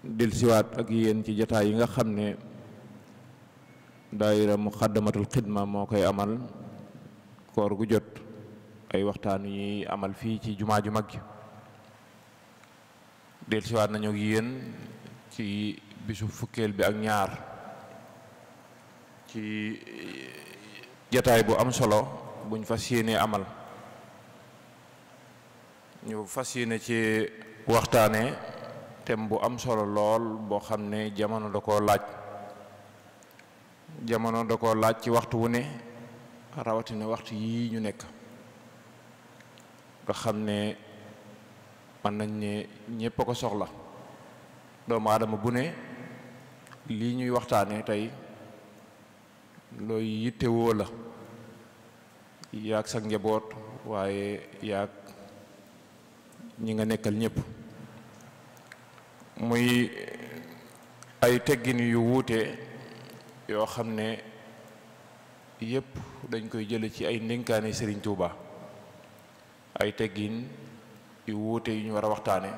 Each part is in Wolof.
dellusiwaat ak yéen ci jataay yi nga xam ne daayira muxaddamatul xidma moo koy amal koor gu jot ay waxtaan yi amal fii ci jumaa ju mag ji dellusiwaat nañu ak yéen ci bisu fukkeel bi ak ñaar ci jataay bu am solo buñ fas yéenee amal ñu fas yéene ci waxtaanee thème bu am solo lool boo xam ne jamono da koo laaj jamono da koo laaj ci waxtu wu ne rawatine waxtu yii ñu nekk nga xam ne mën nañ ne ñépp a ko soxla doomu aadama bu ne lii ñuy waxtaane tey looy yittewoo la yaag sa njaboot waaye yaag ñi nga nekkal ñépp muy ay teggin yu wuute yoo xam ne yépp dañ koy jële ci ay ndénkaani Serigne Touba ay teggin yu wuute yu ñu war a waxtaane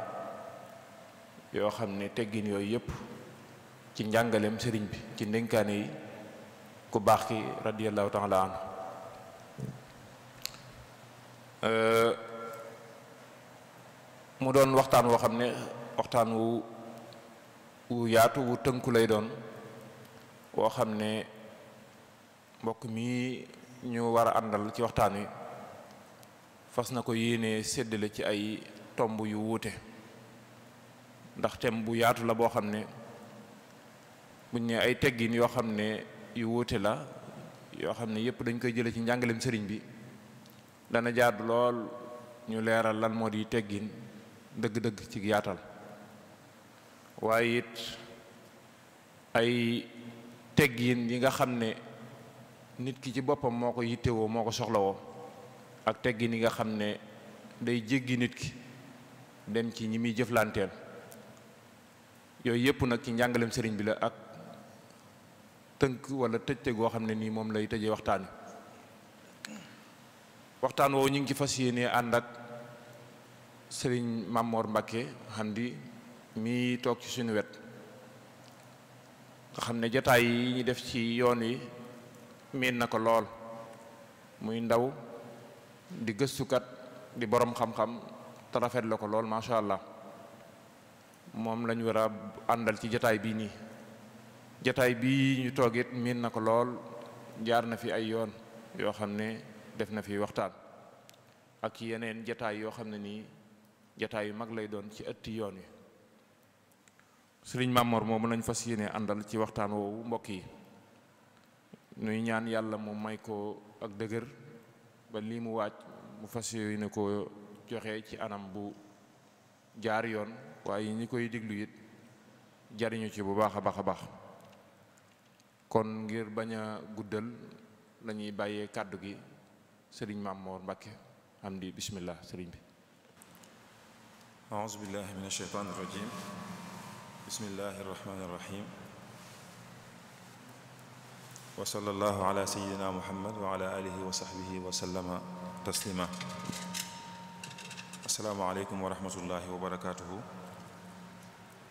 yoo xam ne teggin yooyu yépp ci njàngaleem sëriñ bi ci ndénkaane yi ku baax ki radiyallahu taala anhu euh, mu doon waxtaan woo xam ne waxtaan wu wu yaatu wu tënku lay doon woo xam ne mbokk mi ñu war a àndal ci waxtaan wi fas na ko yéene séddale ci ay tomb yu wuute ndax thème bu yaatu la boo xam ne buñ ne ay teggin yoo xam ne yu wuute la yoo xam ne yépp dañ koy jële ci njàngaleem sëriñ bi dana jaadu lool ñu leeral lan moo di teggin dëgg-dëgg ci yaatal waaye it ay teggin yi nga xam ne nit ki ci boppam moo ko yittewoo moo ko soxla woo ak teggin yi nga xam ne day jéggi nit ki dem ci ñi muy jëflanteen yooyu yëpp nag ci njàngalem sëriñ bi la ak tënk wala tëjte goo xam ne nii moom lay tëje waxtaan waxtaan woo ñu ngi ci fas yéene ànd ak sëriñ Mamor Mbacke xam di mi toog ci suñu wet nga xam ne jataay yi ñu def ci yoon yi miin na ko lool muy ndaw di gëstukat di borom xam-xam te la ko lool macha allah moom lañu war àndal ci jataay bii nii jataay bii ñu toog miin na ko lool jaar na fi ay yoon yoo xam ne def na fi waxtaan ak yeneen jataay yoo xam ne nii jataay yu mag lay doon ci ëtt yoon wi sëriñ Mamor moomu lañ fas yéene àndal ci waxtaan woowu mbokk yi nuy ñaan yàlla mu may ko ak dëgër ba lii mu waaj mu fas ne ko joxe ci anam bu jaar yoon waaye ñi koy diglu yit jariñu ci bu baax a baax a baax kon ngir bañ a guddal lañuy bàyyee kàddu gi sëriñ Mamor Mbàkke am di bismillah sëriñ bi aouzu billahi min ashaytaani bismillahi irrahmani irrahim wa sallallahu muhammad wa ala alihi wa sahbihi wa sallama taslima asalaamaaleykum wa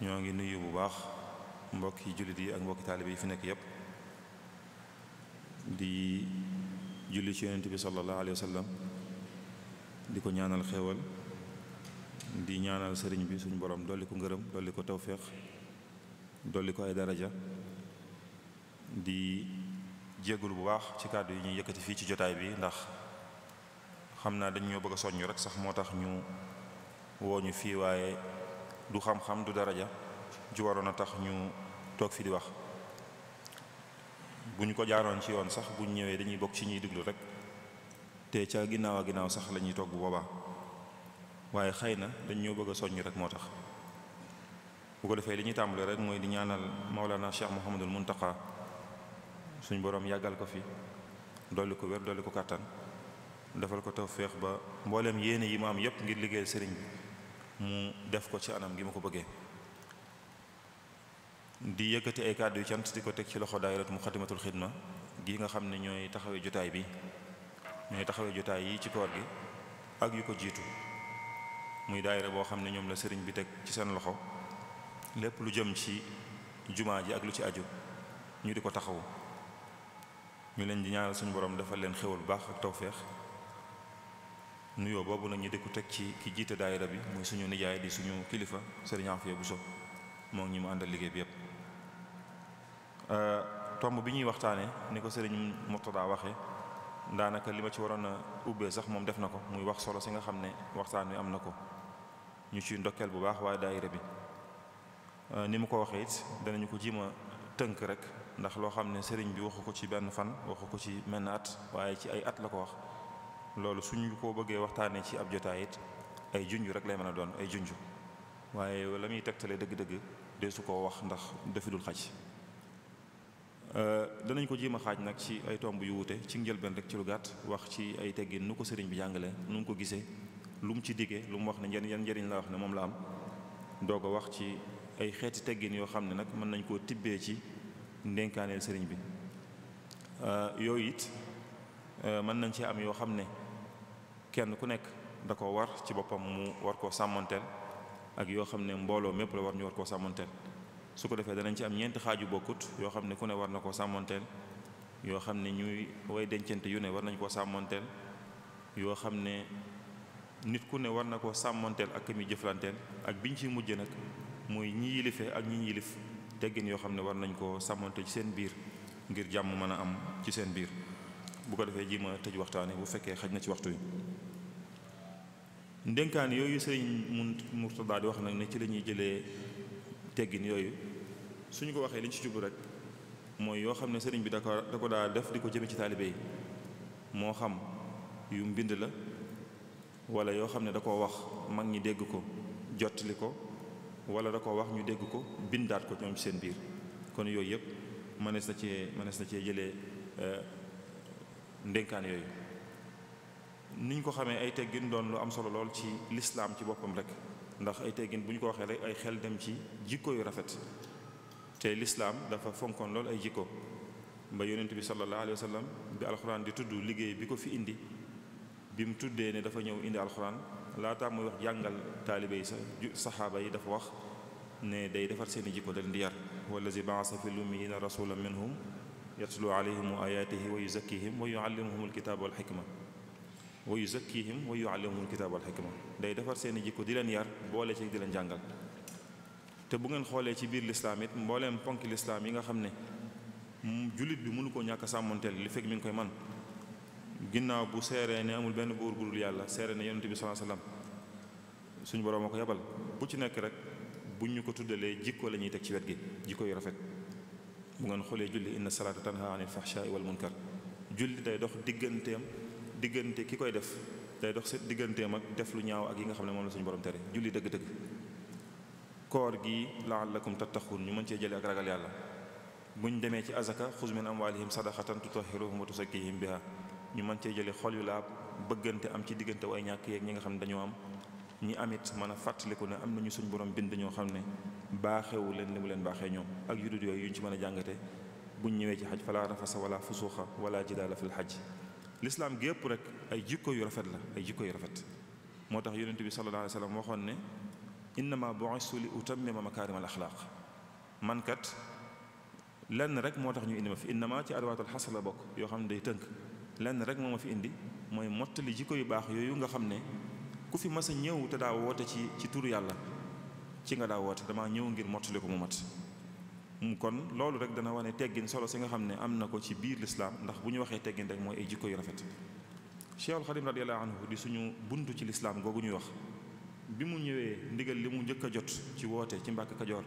ngi nuyu bu baax mbokki jullit yi ak mbokki taalibe yi fi nekk yépp di julli ci bi sallallahu alayhi wa di ko ñaanal xéewal di ñaanal sëriñ bi suñu borom dolli ko ngërëm dolli ko tawféex dolli ko ay daraja di jégalu bu baax ci kàddu yi ñuy yëkkati fii ci jotaay bi ndax xam naa dañ bëgg a soññu rek sax moo tax ñu wooñu fii waaye du xam-xam du daraja ju waroon a tax ñu toog fi di wax bu ñu ko jaaroon ci yoon sax bu ñu ñëwee dañuy bokk ci ñuy diglu rek te ca ginnaaw a ginnaaw sax lañuy ñuy toog bu boobaa. waaye xëy na dañ ñoo bëgg a soññ rek moo tax bu ko defee li ñuy tàmbale rek mooy di ñaanal Maulana Cheikh Mouhamadul Muntaqa suñu borom yàggal ko fi dolli ko wér dolli ko kàttan defal ko féex ba mbooleem yéene yi ma am yépp ngir liggéeyal sëriñ bi mu def ko ci anam gi ma ko bëggee di yëkkati ay kàddu yu cant di ko teg ci loxo daayiratu Muxaddamatul Xidma gi nga xam ne ñooy taxawee jotaay bi ñooy taxawee jotaay yi ci koor gi ak yu ko jiitu muy daayira boo xam ne ñoom la sëriñ bi teg ci seen loxo lépp lu jëm ci jumaa ji ak lu ci aju ñu di ko taxawu ñu leen di ñaanal suñu borom defal leen xéwal baax ak tawféex nuyoo boobu nag ñu di teg ci ki jiite daayira bi muy suñu nijaay di suñu kilifa sëriñ Afia so moo ngi ñu mu àndal liggéey bi yépp euh, tomb bi ñuy waxtaane ni ko sëriñ Murtada waxee daanaka li ma ci waroon a ubbee sax moom def na ko muy wax solo si nga xam ne waxtaan wi am na ko ñu ci ndokkeel bu baax waa daayira bi euh, ni mu ko waxee it danañu ko jima tënk rek ndax loo xam ne sëriñ bi waxu ko ci benn fan waxu ko ci menn at waaye ci ay at la ko wax loolu suñu ko bëggee waxtaanee ci ab jotaay ay junju rek lay mën a doon ay junju waaye la muy tegtale dëgg-dëgg deesu koo wax ndax defidul xaj Euh, danañ ko jéem a xaaj nag ci ay tomb yu wuute ci njëlbeen rek ci lu gàtt wax ci ay teggin nu ko sëriñ bi jàngale nu mu ko gisee lu mu ci diggee lu mu wax ne yan yan njëriñ la wax ne moom la am doog a wax ci ay xeeti teggin yoo xam ne nag mën nañ koo tibbee ci ndénkaaneel sëriñ bi euh, yooyu it euh, mën nañ ci am yoo xam ne kenn ku nekk da ko war ci boppam mu war koo sàmmanteel ak yoo xam ne mbooloo mépp la war ñu war koo sàmmanteel su ko defee danañ ci am ñeenti xaaju bokkut yoo xam ne ku ne war na koo sàmmonteel yoo xam ne ñuy way dencante yu war nañ koo sàmmonteel yoo xam ne nit ku ne war na koo sàmmonteel ak mi jëflanteel ak biñ ci mujj nag muy ñi yilife ak ñi yilif teggin yoo xam ne war nañ koo sàmmonteel ci seen biir ngir jàmm mën a am ci seen biir bu ko defee ji ma tëj waxtaane bu fekkee xaj na ci waxtu yi ndénkaan yooyu sëriñ Murtadaa di wax nag ne ci lañuy ñuy jëlee teggin yooyu suñu ko waxee li ñu ci jublu rek mooy yoo xam ne sëriñ bi da ko da ko daa def di ko jëme ci taalibe yi moo xam yu mbind la wala yoo xam ne da koo wax mag ñi dégg ko jottali ko walla da koo wax ñu dégg ko bindaat ko ñoom ci seen biir kon yooyu yëpp mënees na cee mënees na cee jëlee euh, ndénkaan yooyu niñ ko xamee ay teggin doon lu am solo lool ci lislaam ci boppam rek ndax ay teggin bu ñu ko waxee rek ay xel dem ci jikko yu rafet te lislaam dafa fonkoon lool ay jikko ba yonent bi sallallahu alayhi wa sallam bi alxuraan di tudd liggéey bi ko fi indi bi mu tuddee ne dafa ñëw indi alxuraan laataa muy wax jàngal taalibe sax sa saxaaba yi dafa wax ne day defar seeni jikko da leen di yar wallazi baasa fi lummiyina rasulan minhum yatlu alayhim ayaatihi wa yuzakkihim wa yuallimuhum alkitaaba wal xikma wa yuzakkihim wa yuallimuhumul kitaaba wal hikma day defar seen jikko di leen yar boole ci di leen jàngal te bu ngeen xoolee ci biir lislaam it mbooleem ponk lislaam yi nga xam ne jullit bi mënu ko ñàkk sàmmonteel li fekk mi ngi koy man ginnaaw bu seeree ne amul benn buur bu dul yàlla seeree ne yonent bi sallallahu alayhi wasallam suñu borom a ko yabal bu ci nekk rek bu ñu ko tuddalee jikko la ñuy teg ci wet gi jikko yu rafet bu ngeen xoolee julli inna salaata tanha anil fahshaai wal munkar julli diggante ki koy def day dox seen digganteem ak def lu ñaaw ak yi nga xam ne moom la suñu borom tere julli dëgg-dëgg koor gi laallakum tattaxuun ñu mën cee jële ak ragal yàlla buñ demee ci azaka xuz min amwalihim sadaqatan tutahhiruhum wa bi biha ñu mën cee jële xol yu laab bëggante am ci diggante way ñàkk yeeg ñi nga xam ne dañoo am ñi amit mën a fàttaliku ne am na ñu suñu borom bind ñoo xam ne baaxewu leen li mu leen baaxee ñoom ak yudut yooyu yuñ ci mën a jàngate buñ ñëwee ci xaj fala rafasa wala fusuuxa wala jidaala fil xaj lislaam gépp yëpp rek ay jikko yu rafet la ay jikko yu rafet moo tax yonent bi sallallahu alayhi wa sallam waxoon ne innama bu'istu li utammima makaarima al axlaaq man kat lenn rek moo tax ñu indi ma fi innama ci adwaatul xasr la bokk yoo xam ne day tënk lenn rek moo ma fi indi mooy mottali jikko yu baax yooyu nga xam ne ku fi mas a ñëw te daa woote ci ci turu yàlla ci nga daa woote damaa ñëw ngir mottali ko mu mat Mm, kon loolu rek dana wane teggin solo si nga xam ne am na ko ci biir lislaam ndax bu ñu waxee teggin rek mooy ay jikko yu rafet Cheikhul Xadim radiyallahu anhu di suñu bunt ci lislaam googu ñuy wax bi mu ñëwee ndigal li mu njëkk a jot ci woote ci Mbàkke Kajoor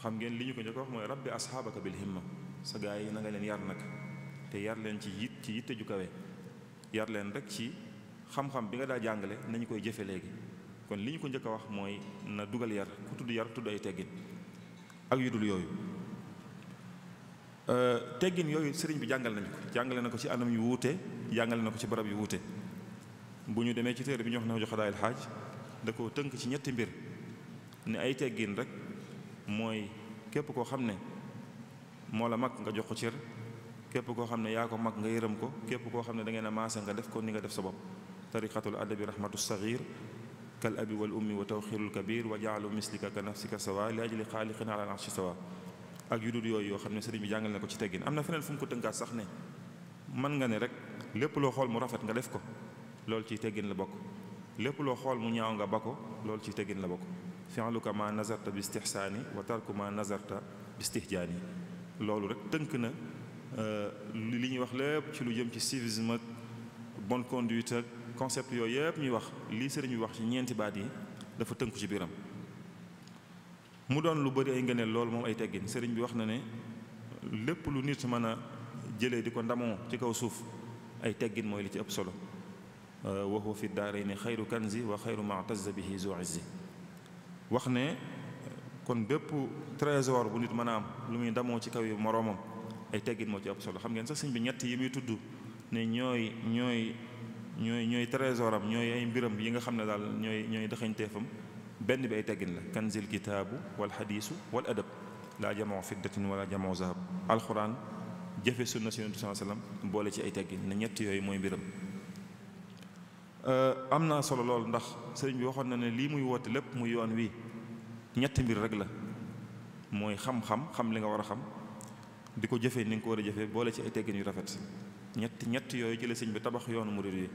xam ngeen li ñu ko njëkk wax mooy rabbi asxaabaka bil himma sa gaa yi na nga leen yar nag te yar leen ci yit ci yitte ju yar leen rek ci xam bi nga daa jàngale nañu koy jëfe léegi kon li ñu ko njëkk a wax mooy na dugal yar ku tudd yar tudd ay teggin ak yudul dul yooyu euh, teggin yooyu sëriñ bi jàngal nañ ko jàngale na ko ci anam yu wuute jàngale na ko ci barab yu wuute bu ñu demee ci téere bi ñu ne na jox daayil xaaj da koo tënk ci ñetti mbir ne ay teggin rek mooy képp koo xam ne moo la mag nga jox ko cër képp koo xam ne yaa ko mag nga yërëm ko képp koo xam ne da ngeen a maase nga def ko ni nga def sa bopp tariqatul adabi rahmatu saghir kal abi wal ummi wa tawxirul kabir wa jaalu mislika ka nafsika sawa li ajli xaaliqin ala arshi sawa ak yu dul yooyu yoo xam ne sëriñ bi jàngal na ko ci teggin am na feneen fu mu ko tënkaat sax ne mën nga ne rek lépp loo xool mu rafet nga def ko loolu ciy teggin la bokk lépp loo xool mu ñaaw nga ba ko loolu ciy teggin la bokk fi'luka ma nazarta bi istihsaani wa tarku ma nazarta bi istihjaani loolu rek tënk na euh, li ñuy wax lépp ci lu jëm ci civisme ak bonne conduite concept yooyu yëpp ñuy wax lii sëriñ bi wax ci ñeenti baat yi dafa tënku ci biiram mu doon lu bëri ay ngëneel loolu moom ay teggin sëriñ bi wax na ne lépp lu nit mën a jëlee di ko ndamoo ci kaw suuf ay teggin mooy li ci ëpp solo euh, wa huwa fi daarayni xayru kanzi wa xayru maatazza wax ne kon bépp trésor bu nit mën lu muy ndamoo ci kaw yi moroomam ay teggin moo ci ëpp solo xam ngeen sax sëñ bi ñett yi muy tudd ne ñooy ñooy ñooy ñooy trésoram ñooy ay mbiram yi nga xam ne daal ñooy ñooy dëxañteefam benn bi ay teggin la kanzil kitaabu wal xadiisu wal adab laa jamoo fiddatin walla jamoo zahab alxuraan jëfe sunna si yonent boole ci ay teggin ne ñett yooyu mooy mbiram euh, am naa solo lool ndax sëriñ bi waxoon na ne lii muy woote lépp muy yoon wi ñetti mbir rek la mooy xam-xam xam li nga war a xam di ko jëfee ni nga ko war a jëfee boole ci ay teggin yu rafet ñetti ñett yooyu jële sëñ bi tabax yoonu murid yi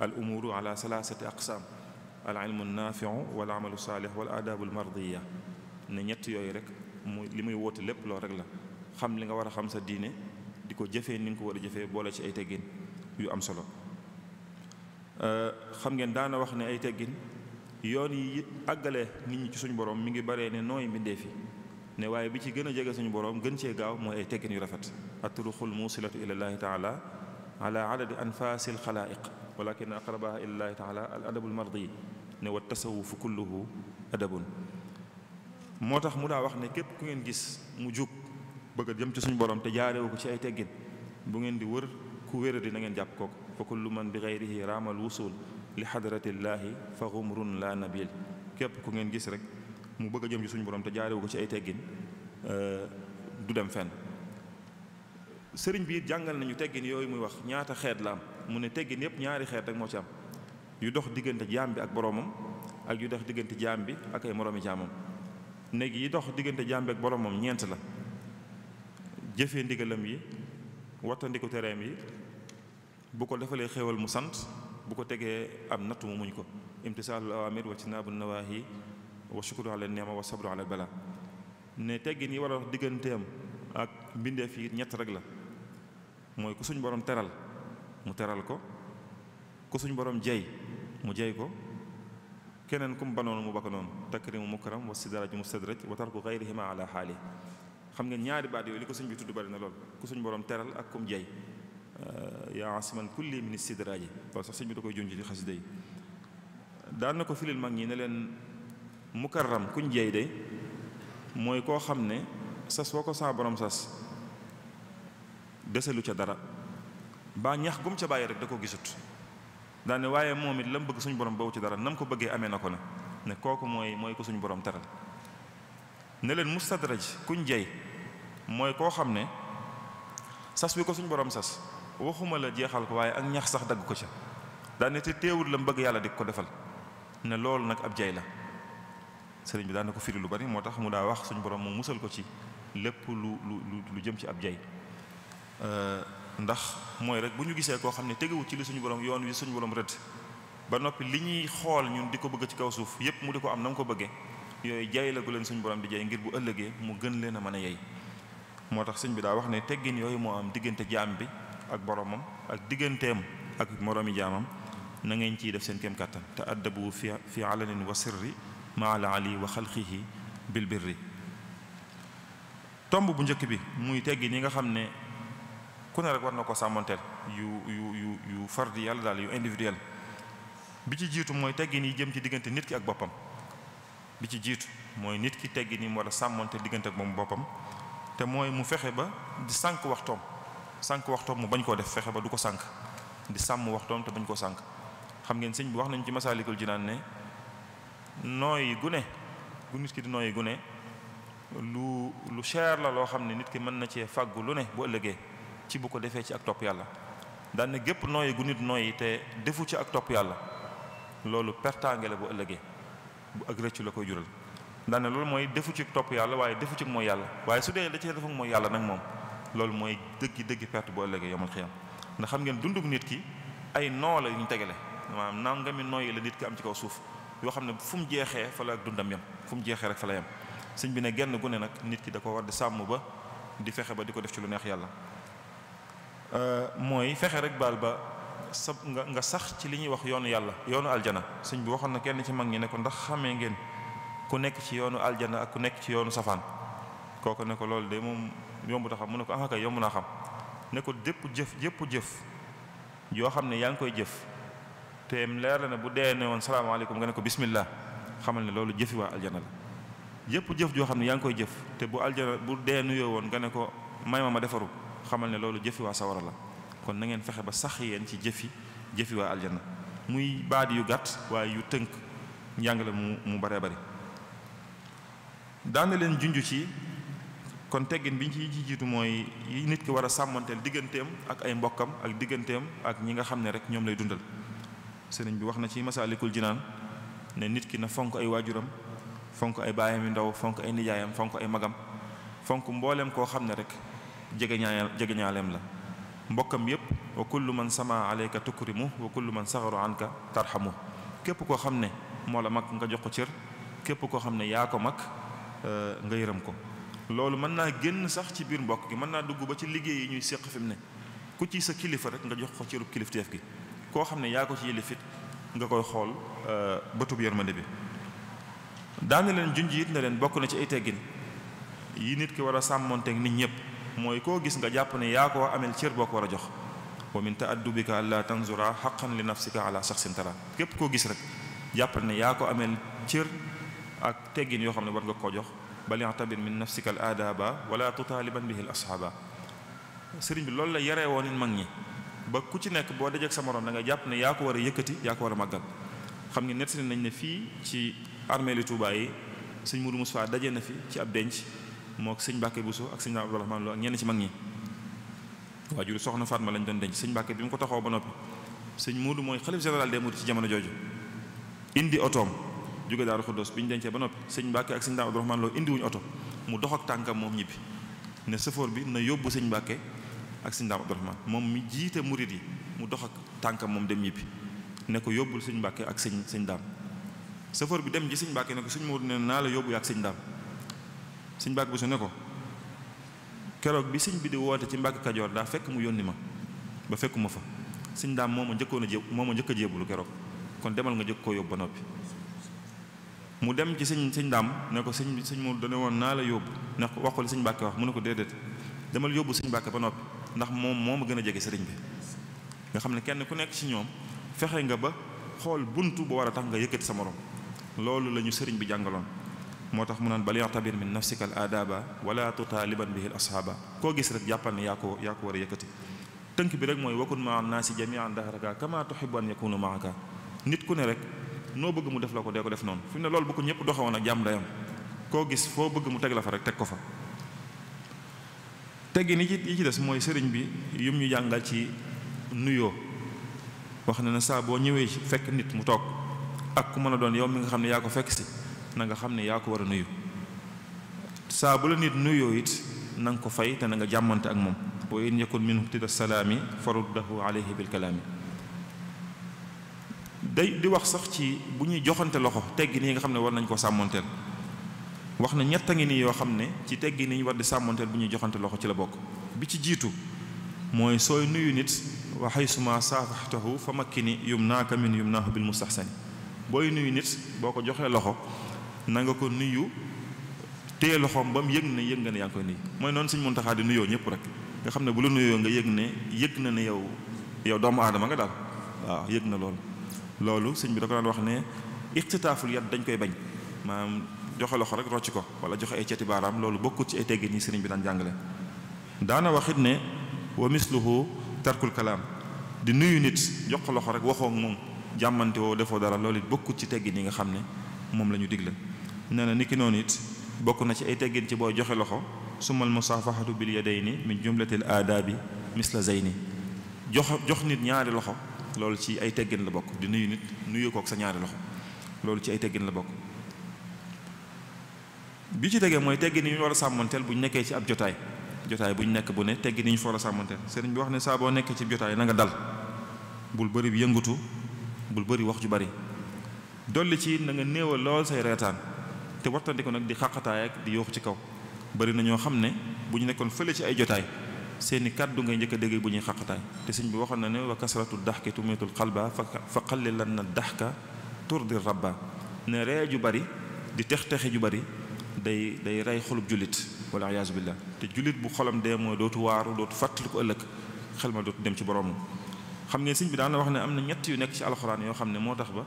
al umuru ala salaasati aqsaam al ilmu naafiu wal amalu saalih wal aadaabul mardiya ne ñett yooyu rek mu li muy woote lépp loolu rek la xam li nga war a xam sa diine di ko jëfee ni nga ko war a jëfee boole ci ay teggin yu am solo euh, xam ngeen daana wax ne ay teggin yoon yi àggale nit ñi ci suñu borom mi ngi bare ne nooy mbindeef yi ne waaye bi ci gën a jege suñu boroom gën cee gaaw mooy ay teggin yu rafet atturuqul muusilatu ila llaahi taala ala adadi anfaasi alxalaaiq walakin aqrabaha ila llaahi taala al adabul mardi ne wa tasawufu kulluhu adabun moo tax mu daa wax ne képp ku ngeen gis mu jug bëgg a jëm ci suñu borom te jaarewu ko ci ay teggin bu ngeen di wër ku wéradi na ngeen jàpp kooku fa kullu man bi geyrihi raamal wusul li xadratillaahi fa xumrun la nabil képp ku ngeen gis rek mu bëgg a jëm ci suñu borom te jaarewu ko ci ay teggin euh, du dem fenn sëriñ bi jàngal nañu teggin yooyu muy wax ñaata xeet la am mu ne teggin yëpp ñaari xeet rek moo ci am yu dox diggante jaam bi ak boromam ak yu dox diggante jaam bi ak ay moromi jaamam néeg yi dox diggante jaam bi ak boromam ñeent la jëfee ndigalam yi wattandiku tereem yi bu ko defalee xéewal mu sant bu ko tegee am nattu mu muñ ko imtisaalul awaamir wa tinaabu yi wa shukru ala neema wa sabru ala bala ne teggin yi war a wax digganteem ak mbindeef yi ñett rek la mooy ku suñ borom teral mu teral ko ku suñ borom jey mu jey ko keneen ku mu banoon mu bakk noonu takrimu mukram wa sidraj mustadraj wa tarku gayrihima ala xaali xam ngeen ñaari baat yooyu li ko suñ bi tudd bari na lool ku suñ borom teral ak kum jey yaa asiman kulli min sidraji loolu sax suñ bi da koy junj ci xasida yi daan na ko mukarram kuñ jeey de mooy koo xam ne sas woo ko saa boroom sas deselu ca dara baa ñax gum ca bàyyi rek da ko gisut daane waaye moom it la mu bëgg suñu borom boobu ci dara nam ko bëggee amee na ko ne ne kooku mooy mooy ko suñu borom teral ne leen mustadraj kuñ jeey mooy koo xam ne sas wi ko suñu borom sas waxuma la jeexal ko waaye ak ñax sax dagg ko ca daane te teewul la mu bëgg yàlla di ko defal ne loolu nag ab jay la sëriñ bi daan na ko firi lu bari moo tax mu daa wax suñu borom mu musal ko ci lépp lu lu lu jëm ci ab jay euh, ndax mooy rek bu ñu gisee koo xam ne tegewut ci suñu borom yoon wi suñu borom rëdd ba noppi li ñuy xool ñun di ko bëgg ci kaw suuf yépp mu di ko am na ko bëggee yooyu jay leen suñu borom di jay ngir bu ëllëgee mu gën leen a mën a yey moo tax sëñ bi daa wax ne teggin yooyu moo am diggante jaam bi ak boromam ak digganteem ak moroomi jaamam na ngeen ciy def seen kéem kàttan te addabu fi fi alanin wa sirri maal ali wa xalqihi bil birri tomb bu njëkk bi muy teggi ni nga xam ne ku ne rek war na ko sàmmanteel yu yu yu yu fardi yàlla daal yu individuel bi ci jiitu mooy teggi nii jëm ci diggante nit ki ak boppam bi ci jiitu mooy nit ki teggi nii mu war a diggante ak moom boppam te mooy mu fexe ba di sànq waxtoom sànq waxtoom mu bañ koo def fexe ba du ko sànq di sàmm waxtoom te bañ koo sànq xam ngeen sëñ bi wax nañ ci masaalikul jinaan ne nooyi gune gu nit ki di nooyi gune lu lu cher la loo xam ne nit ki mën na cee fàggu lu ne bu ëllëgee ci bu ko defee ci ak topp yàlla daan na gépp nooyi gu nit nooyi te defu ci ak topp yàlla loolu pertaange la bu bu ak rëccu la koy jural daan na loolu mooy defu ci topp yàlla waaye defu ci mooy yàlla waaye su dee da cee defu mooy yàlla nag moom loolu mooy dëggi dëggi perte bu ëllëgee yomal xiyam ndax xam ngeen dundug nit ki ay noo la yu ñu tegale maanaam nangami nooyi la nit ki am ci kaw suuf yoo xam ne fu mu jeexee fa la ak dundam yam fu mu jeexee rek fa la yam sëñ bi ne genn gu ne nag nit ki da ko war di sàmm ba di fexe ba di ko def ci lu neex yàlla euh, mooy fexe rek baal ba sa nga nga sax ci li ñuy wax yoonu yàlla yoonu aljana sëñ bi waxoon na kenn ci mag ñi ne ko ndax xamee ngeen ku nekk ci yoonu aljana ak ku nekk ci yoonu safaan kooku ne ko loolu de moom yombu ta xam mu ne ko ah kay yomb naa xam ne ko dépp jëf jëpp jëf yoo xam ne yaa ngi koy jëf teem leer la ne bu dee ne woon salaamaaleykum nga ne ko bismillah xamal ne loolu jëfi waa aljana la yëpp jëf joo xam ne yaa ngi koy jëf te bu aljana bu dee nuyoo woon nga ne ko may ma ma defaru xamal ne loolu jëfi waa sawara la kon na ngeen fexe ba sax yéen ci jëfi jëfi waa aljana muy baat yu gàtt waaye yu tënk njàngale mu mu baree bari daana leen junj ci kon teggin bi ñu ci jiitu mooy yi nit ki war a sàmmanteel digganteem ak ay mbokkam ak digganteem ak ñi nga xam ne rek ñoom lay dundal sëriñ bi wax na ci masaalikul jinaan ne nit ki na fonk ay waajuram fonk ay baayam yu ndaw fonk ay nijaayam fonk ay magam fonk mbooleem koo xam ne rek jegeñaal jegeñaaleem la mbokkam yépp wa kullu man sama alayka mu wa kullu man saxaru anka tarxamu képp koo xam ne moo la mag nga jox ko cër képp koo xam ne yaa ko mag euh, nga yërëm ko loolu mën naa génn sax ci biir mbokk gi mën naa dugg ba ci liggéey yi ñuy séq fi mu ne ku ci sa kilifa rek nga jox ko cërub kilifteef gi koo xam ne yaa ko ci yilifit nga koy xool euh, bëtub yërmande bi daana leen junj it na leen bokk na ci ay teggin yi nit ki war a sàmmonteeg nit ñëpp mooy koo gis nga jàpp ne yaa koo amel cër boo ko war a jox wa min taaddubika allaa tanzura xaqan li nafsika ala shaxsin tara képp koo gis rek jàppal ne yaa ko amel cër ak teggin yoo xam ne war nga koo jox bal yatabir min nafsika al aadaba wala tutaaliban bi loolu la yaree woon mag ñi ba ku ci nekk boo dajee ak sa morom da jàpp ne yaa ko war a yëkkati yaa ko war a màggal xam nga nettali nañ ne fii ci armeeli Tuubaa yi sëñ Mourou Moussa daje na fi ci ab denc moo ak sëñ Mbàkke Buso ak sëñ Abdou Rahman Lo ak ñenn ci mag ñi waajur soxna Fatma lañ doon denc sëñ Mbàkke bi mu ko taxaw ba noppi sëñ Mourou mooy xalif général de Mourides ci jamono jooju indi otoom jóge Daaru dos bi ñu dencee ba noppi sëñ Mbàkke ak sëñ Abdou Rahman Lo indi wuñu oto mu dox ak tànkam moom ñibbi ne sëfoor bi na yóbbu sëñ Mbàkke ak sëñ Daam Abdourahmane moom mu jiite murit yi mu dox ak tànkam moom dem ñibbi ne ko yóbbul sëñ Mbàkke ak sëñ sëñ Daam safar bi dem ci sëñ Mbàkke ne ko sëñ naa la yóbbu ak sëñ Daam sëñ Mbàkke bu su ne ko keroog bi sëñ bi di woote ci Mbàkke Kajoor daa fekk mu yónni ma ba fekkuma fa sëñ Daam moom a njëkkoon a jé moom ma njëkk a jébulu keroog kon demal nga jëkk koo yóbbu ba noppi mu dem ci siñ sëñ Daam ne ko sëñ sëñ Moodu dane woon naa la yóbbu ne wax ko li sëñ Mbàkke wax mu ne ko déedéet demal yóbbu sëñ Mbàkke ba noppi ndax moom moo ma gën a jege sëriñ bi nga xam ne kenn ku nekk ci ñoom fexe nga ba xool buntu bu war a tax nga yëkkati sa morom loolu la ñu sëriñ bi jàngaloon moo tax mu naan bal yaxtabir min nafsika al aadaba wala tutaaliban bihi al ashaaba koo gis rek jàppal ne yaa ko yaa ko war a yëkkati tënk bi rek mooy wakun maa naasi jamian dahraka kama tuhibu an yakunu maaka nit ku ne rek noo bëgg mu def la ko dee ko def noonu fu ne loolu bu ko ñëpp doxewoon ak jàmm dayam koo gis foo bëgg mu teg la fa rek teg ko fa teggin yi ci yi ci des mooy sëriñ bi yum ñu jàngal ci nuyoo wax na ne saa boo ñëwee fekk nit mu toog ak ku mën a doon yow mi nga xam ne yaa ko fekk si na nga xam ne yaa ko war a nuyu saa la nit nuyoo it nanga ko fay te na nga jàmmante ak moom wa in yakun minhu tida salaami faruddahu alayhi bil kalaami day di wax sax ci bu ñuy joxante loxo teggin yi nga xam ne war nañ ko sàmmanteel wax na ñett a ngi nii yoo xam ne ci teggi ni ñu war di sàmmanteel bu ñuy joxante loxo ci la bokk bi ci jiitu mooy sooy nuyu nit wa haysuma saafaxtahu fa ma naa makkini yumnaaka min yumnaahu bil mustahsani booy nuyu nit boo ko joxee loxo na nga ko nuyu te loxoom ba mu yëg ne yëg nga ne yaa ngi koy nuyu mooy noonu suñ di nuyoo ñëpp rek xam ne bu la nuyoo nga yëg ne yëg na ne yow yow doomu aadama nga daal waaw yëg na loolu loolu sëñ bi da ko daan wax ne ixtitaaful yat dañ koy bañ maanaam joxe loxo rek rocc ko wala joxe ay ceti baaraam loolu bokkut ci ay teggin yi sëriñ bi daan jàngale daana waxit ne wa misluhu tarkul kalaam di nuyu nit jox ko loxo rek waxoo moom jàmmante woo defoo dara lool it bokkut ci teggin yi nga xam ne moom lañu digle nee na niki noon it bokk na ci ay teggin ci boo joxe loxo sumal musaafahatu bil yadayni min jumlatil aadaabi misla zeyni jox jox nit ñaari loxo loolu ci ay teggin la bokk di nuyu nit nuyu kook sa ñaari loxo loolu ci ay teggin la bokk bi ci tegee mooy teggi yi ñu war a sàmmanteel bu ñu nekkee ci ab jotaay jotaay bu ñu nekk bu ne teggin yi ñu fa war a sàmmanteel sëriñ bi wax ne saa boo nekkee ci jotaay na dal bul bari bi yëngatu bul bëri wax ju bëri dolli ci na nga néewal lool say reetaan te wattandiko nag di xaqataay ak di yooxu ci kaw bëri na ñoo xam ne bu ñu nekkoon fële ci ay jotaay seeni kàddu ngay njëkk a dégg bu ñuy xaqataay te sëñ bi waxoon na ne wa kasratu daxki tumitul xalba fa qallilan na daxka turdi rabba ne ree ju bari di tex ju bari day day rey xolub jullit wala ayaasu billah te jullit bu xolam dee mooy dootu waaru dootu fàttali ko ëllëg xel ma dootu dem ci borom xam ngeen sëñ bi daan na wax ne am na ñett nekk ci alxuraan yoo xam ne moo tax ba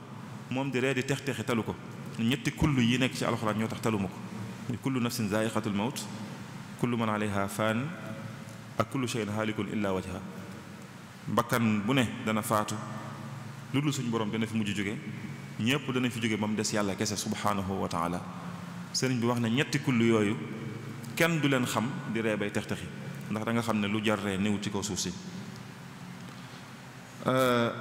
moom di ree di tex texi talu ko ñetti kullu yi nekk ci alxuraan ñoo tax taluma ko kullu nafsin zaiqatul mawt kullu man alayha faan ak kullu shay'in haalikun illa wajha bakkan bu ne dana faatu lu dul suñ borom dana fi mujj jóge ñëpp dana fi jóge ba mu des yàlla kese subhanahu wa taala sëriñ bi wax ne ñetti kull yooyu kenn du leen xam di ree bay tex texi ndax danga xam ne lu jar ree néew ci kaw suuf si euh,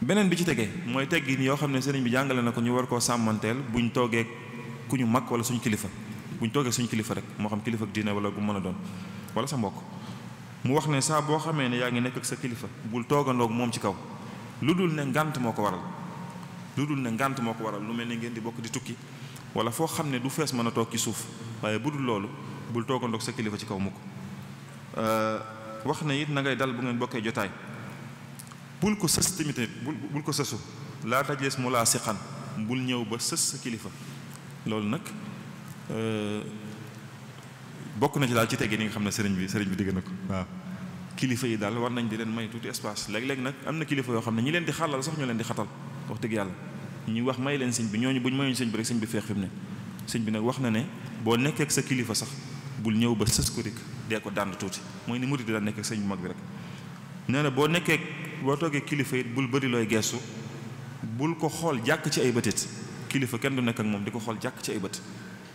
beneen bi ci tegee mooy teggin yoo xam ne sëriñ bi jàngale na ko ñu war koo sàmmanteel buñ toogee ku ñu mag wala suñu kilifa buñ toogee suñ kilifa rek moo xam kilifa ak diine wala gu mën a doon wala sa mbokk mu wax ne saa boo xamee ne yaa ngi nekk ak sa kilifa bul toogandoog moom ci kaw lu dul ne ngànt moo ko waral lu dul ne moo ko waral lu mel ni ngeen di bokk di tukki wala foo xam ne du fees mën a toog ci suuf waaye bu dul loolu bul toogandoog sa kilifa ci kaw mukk euh, wax na yit na ngay dal bu ngeen bokkee jotaay bul ko sës tamit bul bul ko sësu laa tajlees mu laa siqan bul ñëw ba sës sa kilifa loolu nag euh, bokk na ci daal ci tegee ni nga xam ne sëriñ bi sëriñ bi digg na ko waaw kilifa yi daal war nañ di leen may tuuti espace léeg-léeg nag am na kilifa yoo xam ne ñi leen di xàllal sax ñu leen di xatal wax dëgg yàlla ñuy wax may leen sëñ bi ñooñu buñ mayuñ sëñ bi rek sëñ bi feex fi ne sëñ bi nag wax na ne boo nekkee sa kilifa sax bul ñëw ba sës ko rek dee ko dànd tuuti mooy ni murid di daan nekk ak sëñ bu mag bi rek nee na boo nekkee boo toogee kilifa it bul bëri looy gestu bul ko xool jàkk ci ay bët kilifa kenn du nekk moom di ko xool jàkk ay bët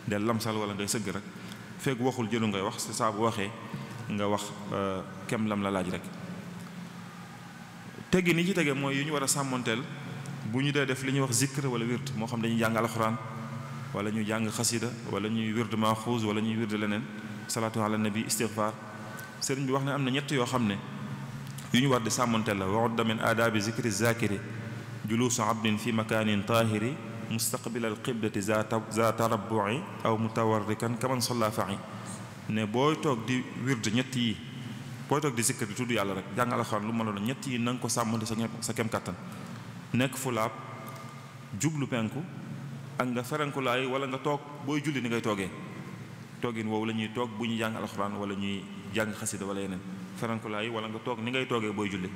del lamsal wala ngay sëgg rek fekk waxul jëlu ngay wax saa bu waxee nga wax euh, kem lam la laaj rek teggi ni ci tege mooy yu ñu war a sàmmoonteel bu ñu dee def li ñuy wax zikr wala wirt moo xam dañuy jàng alxuraan wala ñuy jàng xasida wala ñuy wird maaxuus wala ñuy wird leneen salaatu ala nabi istighfar sëriñ bi wax ne am na ñett yoo xam ne yu ñu wax di sàmmanteel la waudda min aadaabi zikri zakiri juluusu abdin fi makaanin taahiri mustaqbilal qiblati za tarabbu'i aw mutawarrikan kaman solla fa'i ne booy toog di wird ñett yi booy toog di zikr di tudd yàlla rek jàng alxuraan lu mën a doon ñett yi na nga ko sàmmante sa kem kattan nekk fu laab jublu penku ak nga ferankulaayu wala nga toog booy julli ni ngay toogee toogin woowu la ñuy toog bu ñuy jàng alxuraan wala ñuy jàng xasida wala yeneen ferankulaayu wala nga toog ni ngay toogee booy julli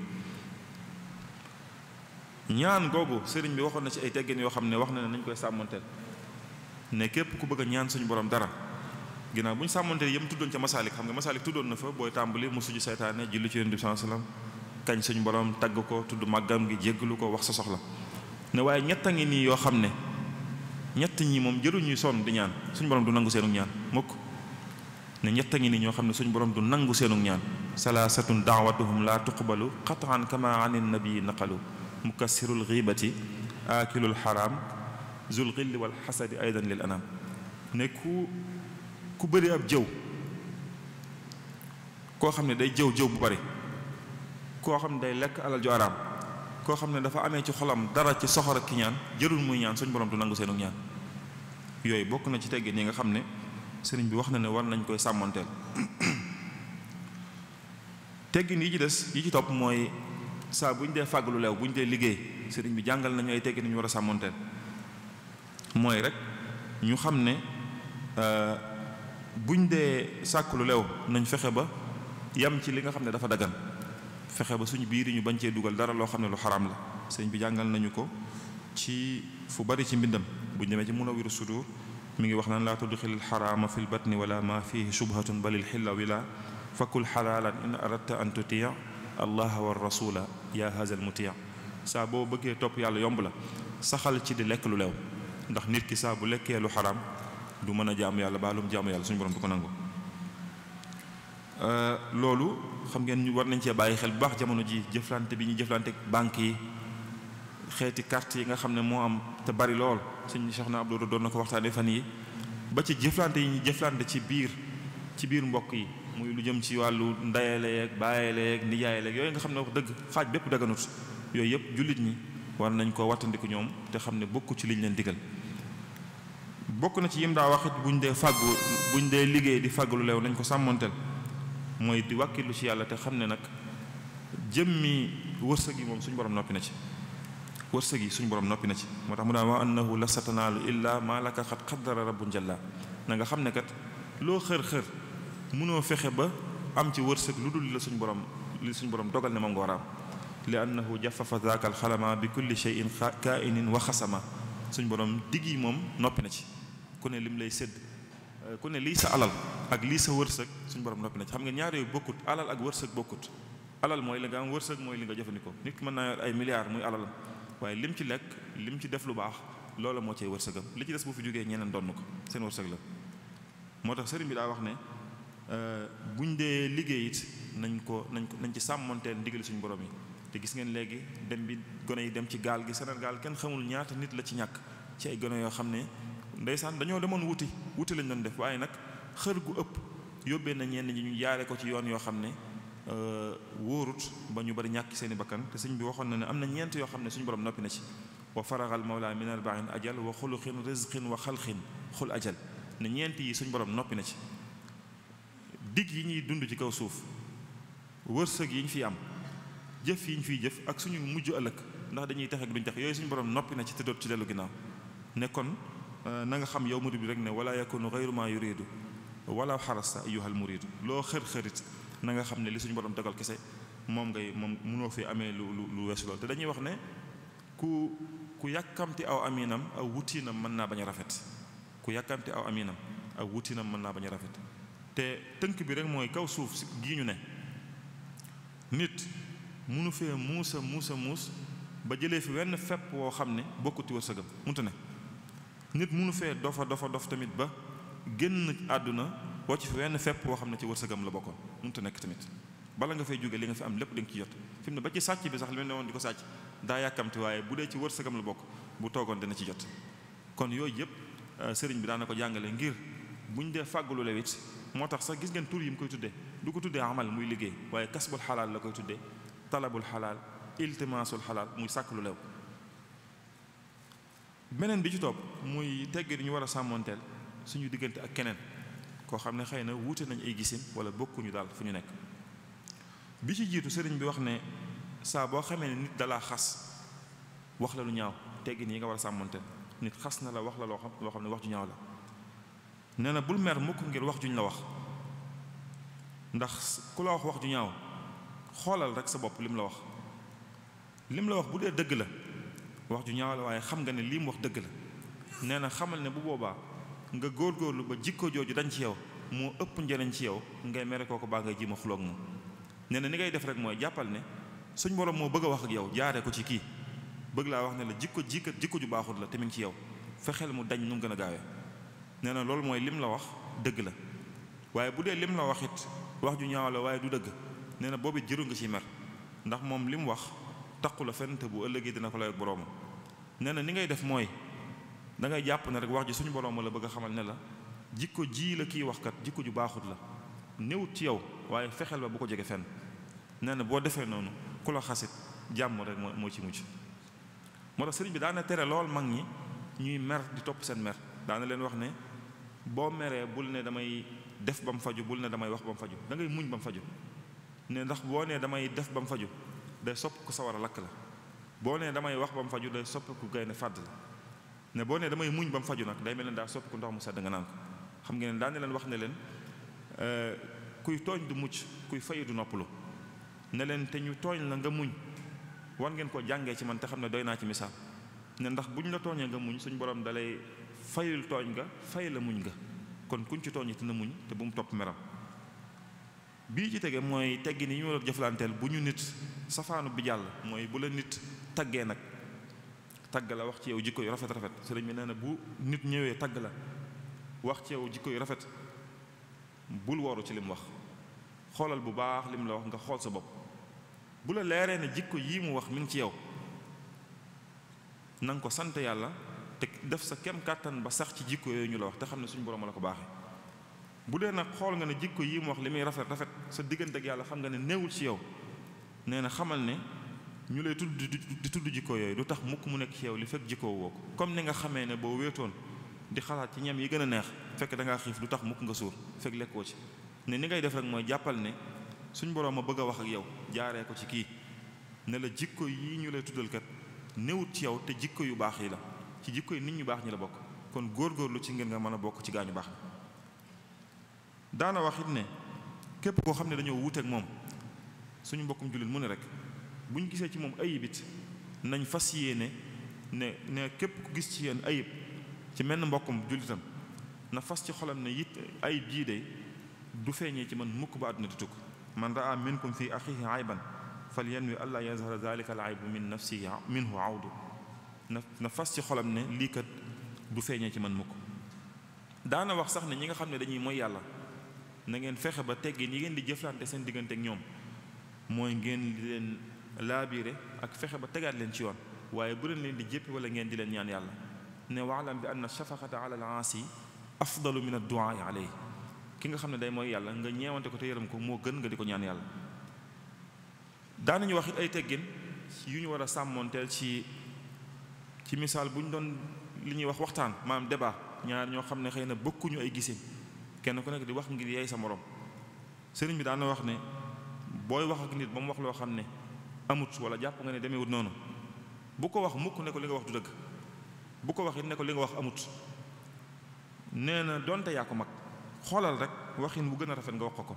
ñaan googu sëriñ bi waxoon na ci ay teggin yoo xam ne wax na ne nañ koy sàmmanteel ne képp ku bëgg ñaan suñu borom dara ginnaaw bu ñu sàmmanteel yëm tuddoon ca masaalik xam nga masaalik tuddoon na fa booy tàmbali musuju seytaane julli ci yonent bi sallallahu kañ suñu borom tagg ko tudd màggam ngi jéggalu ko wax sa soxla ne waaye ñett a ngi nii yoo xam ne ñett ñi moom jëruñuy sonn di ñaan suñu borom du nangu seenu ñaan mukk ne ñett a ñoo xam ne suñu borom du nangu seenu ñaan salaasatun daawatuhum laa tuqbalu qataan kama an nabii naqalu mukassirul xiibati aakilul xaraam zul xilli wal xasadi aydan lil anam ne ku ku bari ab jëw koo xam ne day jëw jëw bu bari koo xam ne day lekk alal ju koo xam ne dafa amee ci xolam dara ci soxor ak ñaan jërul muy ñaan suñ borom du nangu seenu ñaan yooyu bokk na ci teggin yi nga xam ne sëriñ bi wax na ne war nañ koy sàmmoonteel teggin yi ci des yi ci topp mooy saa bu ñu dee fàgg lu leew bu ñu dee liggéey sëriñ bi jàngal nañu ay teggin ñu war a sàmmoonteel mooy rek ñu xam ne euh, bu ñu dee sàkk lu leew nañ fexe ba yam ci li nga xam ne dafa dagan fexe ba suñu biir ñu bañ cee dugal dara loo xam ne lu xaraam la sëñ bi jàngal nañu ko ci fu bari ci mbindam bu demee ci Munawwirus Sudur mu ngi wax naan laa tudxilil xaraama fil batni wala ma fihi shubhatun balil xilla wila fakul xalaalan in aradta an tutia allaha wa rasula ya hazal mutia saa boo bëggee topp yàlla yomb la saxal ci di lekk lu lew ndax nit ki saa bu lekkee lu xaraam du mën a jaamu yàlla baalum jaamu yàlla suñu borom du ko nangu Euh, loolu xam ngeen ñu war nañ cee bàyyi xel bu baax jamono ji jëflante bi ñu jëflante banque yi xeeti carte yi nga xam ne moo am te bari lool suñu soxna Abdou doon na ko waxtaanee fan yi ba ci jëflante yi ñu jëflante ci biir ci biir mbokk yi muy lu jëm ci wàllu ndayale yeeg bàyyale yeeg nijaayale yooyu nga xam ne wax dëgg xaaj bépp daganut yooyu yëpp jullit ñi war nañ koo wattandiku ñoom te xam ne bokku ci liñ leen digal bokk na ci yim daa waxit buñ dee fàggu buñ dee liggéey di fàggalu nañ ko sàmmoonteel mooy di wàkkilu ci yàlla te xam ne nag jëmmi wërsëg yi moom suñu borom noppi na ci wërsëg yi suñu borom noppi na ci moo tax mu daan wa annahu la satanaalu illa maa laka xat xaddara rabbun jalla na nga xam ne kat loo xër-xër mënoo fexe ba am ci wërsëg lu dul la suñu borom li suñu borom dogal ne moom nga war a am li annahu jafafa zaaka alxalama bi kulli cheyin kainin wa xasama suñu borom digg yi moom noppi na ci ku ne lim lay sédd Euh, ku ne lii sa alal ak lii sa wërsëg suñu borom noppi na ci xam nga ñaar yooyu bokkut alal ak wërsëg bokkut alal mooy li nga am wërsëg mooy li nga jëfandikoo nit ki mën naa yor ay milliards muy alalam waaye lim ci lekk lim ci def lu baax loola moo cay wërsëgam li ci des boo fi jógee ñeneen donn ko seen wërsëg la moo tax sëriñ bi daa wax ne euh, buñ dee liggéey nañ ko nañ ko nañ ci sàmmonteen ndigal suñu borom yi te gis ngeen léegi dem bi gone yi dem ci gaal gi Sénégal kenn xamul ñaata nit la ci ñàkk ci gone yoo xam ne ndeysaan dañoo demoon wuti wuti lañ doon def waaye nag xër gu ëpp yóbbee na ñenn ñi ñu jaare ko ci yoon yoo xam ne euh, wóorut ba ñu bari ñàkk seeni bakkan te sëñ bi waxoon na ne am na ñeent yoo xam ne suñ borom noppi na ci wa faragal mawla min arba'in ajal wa xuluqin rizqin wa xalqin xul ajal ne ñeent yi suñu borom noppi na ci digg yi ñuy dund ci kaw suuf wërsëg yi ñu fi am jëf yi ñu fi jëf ak suñu mujj ëllëg ndax dañuy tax ak duñ tax yooyu suñu borom noppi na ci te doot ci dellu ginnaaw ne Euh, na nga xam yow murid bi rek ne wala yakunu ghayru ma yuridu wala xarasta ayyuhal murid loo xër-xërit na nga xam ne li suñu borom tegal kese moom ngay moom munoo fi amee lu lu weesu lool te dañuy wax ne ku ku yàkkamti aw aminam aw wutiinam mën naa bañ a rafet ku yàkkamti aw aminam aw wutiinam mën naa bañ a rafet te tënk bi rek mooy kaw suuf gii ñu ne nit mënu fee muusa muusa muus ba jëlee fi wenn fepp woo xam ne bokkuti wërsëgam munta ne nit munu fee dofa dofa dof tamit ba génn àdduna wàcc fi wenn fepp boo xam ne ci wërsëgam la bokkoon mënut a nekk tamit bala nga fay jóge li nga fi am lépp da nga ci jot fi ne ba ci sàcc bi sax li ma ne woon di ko sàcc daa yàkkamti waaye bu dee ci wërsëgam la bokk bu toogoon dana ci jot kon yooyu yëpp euh, sëriñ bi daana ko jàngale ngir bu ñu dee fàggulu lewit moo tax sax gis ngeen tur yi mu koy tuddee du ko tuddee amal muy liggéey waaye kasbul xalaal la koy tuddee talabul xalaal iltimaasul xalaal muy sàkk lu beneen bi ci topp muy teggin ñu war a sàmmoonteel suñu diggante ak keneen koo xam ne xëy na wuute nañ ay gisin wala bokkuñu daal fu ñu nekk bi ci jiitu sëriñ bi wax ne saa boo xamee ne nit dalaa xas wax la lu ñaaw teggin yi nga war a sàmmoonteel nit xas na la wax la loo loo xam ne wax ju ñaaw la nee na bul meer mukk ngir wax juñ la wax ndax ku la wax wax ju ñaaw xoolal rek sa bopp lim la wax lim la wax bu dee dëgg la wax ju ñaaw waaye xam nga ne lii mu wax dëgg la nee na xamal ne bu boobaa nga góor góorlu ba jikko jooju dañ ci yow moo ëpp njëriñ ci yow ngay mere kooku baa ngay ji ma xuloog mu nee na ni ngay def rek mooy jàppal ne suñ borom moo bëgg a wax ak yow jaaree ko ci kii bëgg laa wax ne la jikko jikat jikko ju baaxul la te ngi ci yow fexeel mu dañ nu mu gën a gaawee nee na loolu mooy lim la wax dëgg la waaye bu dee lim la wax it wax ju ñaaw la waaye du dëgg nee na boobu jëru nga ci mer ndax moom li mu wax taqu la fenn te bu ëllëgee dina ko la ak boroomam nee na ni ngay def mooy dangay jàpp ne rek wax ji suñu boroom la bëgg xamal ne la jikko ji la kii waxkat jikko ju baaxut la néewut ci yow waaye fexeel ba bu ko jege fenn nee na boo defee noonu ku la xasit jàmm rek moo ci mujj moo tax sëriñ bi daana tere lool mag ñi ñuy mer di topp seen mer daana leen wax ne boo meree bul ne damay def ba mu faju bul ne damay wax ba mu faju da muñ ba mu ne ndax boo nee damay def ba mu faju day sopp ku sawar a lakk la boo nee damay wax ba mu faju day sopp ku gaynde fàdd la ne boo nee damay muñ ba mu faju nag day mel ne daa sopp ku ndox mu sedd nga naan ko xam ngeen daan ne leen wax ne leen eh, kuy tooñ du mucc kuy fayu du noppalu ne leen te ñu tooñ la nga muñ war ngeen ko jàngee ci man te xam ne doy naa ci misaal ne ndax bu ñu la tooñee nga muñ suñ borom dalay fayul tooñ nga fay la muñ nga kon kuñ ci tooñ te na muñ te bu mu topp meram bii ci tegee mooy teggi ni ñu war a jëflanteel bu ñu nit safaanu bi jàll mooy bu la nit taggee nag tagg la wax ci yow jikko yu rafet rafet sëriñ bi nee na bu nit ñëwee tagg la wax ci yow jikko yu rafet bul woru ci lim wax xoolal bu baax lim la wax nga xool sa bopp bu la leeree na jikko yii mu wax mu ngi ci yow na ko sant yàlla te def sa kem kàttan ba sax ci jikko yooyu ñu la wax te xam ne suñu borom la ko baaxee bu dee nag xool nga ne jikko yi mu wax li muy rafet rafet sa diggante ak yàlla xam nga ne néewul ci yow nee na xamal ne ñu lay tudd di tudd jikko yooyu du tax mukk mu nekk ci yow li fekk jikko woo ko comme ni nga xamee ne boo wéetoon di xalaat ci ñam yi gën a neex fekk da xiif du tax mukk nga suur fekk lekkoo ci ne ni ngay def rek mooy jàppal ne suñ borom ma bëgg a wax ak yow jaaree ko ci kii ne la jikko yi ñu lay tuddal kat newut ci yow te jikko yu baax yi la ci jikko yi nit ñu baax ñi la bokk kon góorgóorlu ci ngeen mën a bokk ci gaañu baax daana wax it ne képp koo xam ne dañoo wuuteeg moom suñu mbokkum jullit mu ne rek buñ gisee ci moom ayib it nañ fas yéene ne ne képp ku gis ci yéen ayib ci menn mbokkum jullitam na fas ci xolam ne it ayib jii de du feeñee ci man mukk ba àdduna di tukk man raa minkum fi axihi ayban falyanwi allaa yazhara dalika al aybu min nafsihi minhu awdu na na fas ci xolam ne lii kat du feeñee ci man mukk daana wax sax ne ñi nga xam ne dañuy mooy yàlla na ngeen fexe ba teggin yi ngeen di jëflante seen diggante ak ñoom mooy ngeen di leen laabire ak fexe ba tegaat leen ci yoon waaye bu leen leen di jéppi wala ngeen di leen ñaan yàlla ne waalam bi anna shafaqata ala al-aasi afdalu min ad-duaai alayhi ki nga xam ne day mooy yàlla nga ñeewante ko te yërëm ko moo gën nga di ko ñaan yàlla daanañu wax ay teggin yu ñu war a sàmmoonteel ci ci misaal bu ñu doon li ñuy wax waxtaan maam débat ñaar ñoo xam ne xëy na bokkuñu ay kenn ko nekk di wax ngir yeey sa moroom sëriñ bi daan na wax ne booy wax ak nit ba mu wax loo xam ne amut wala jàpp nga ne demeewut noonu bu ko wax mukk ne ko li nga wax du dëgg bu ko wax it ne ko li nga wax amut nee na donte yaa ko mag xoolal rek waxin bu gën a rafet nga wax ko ko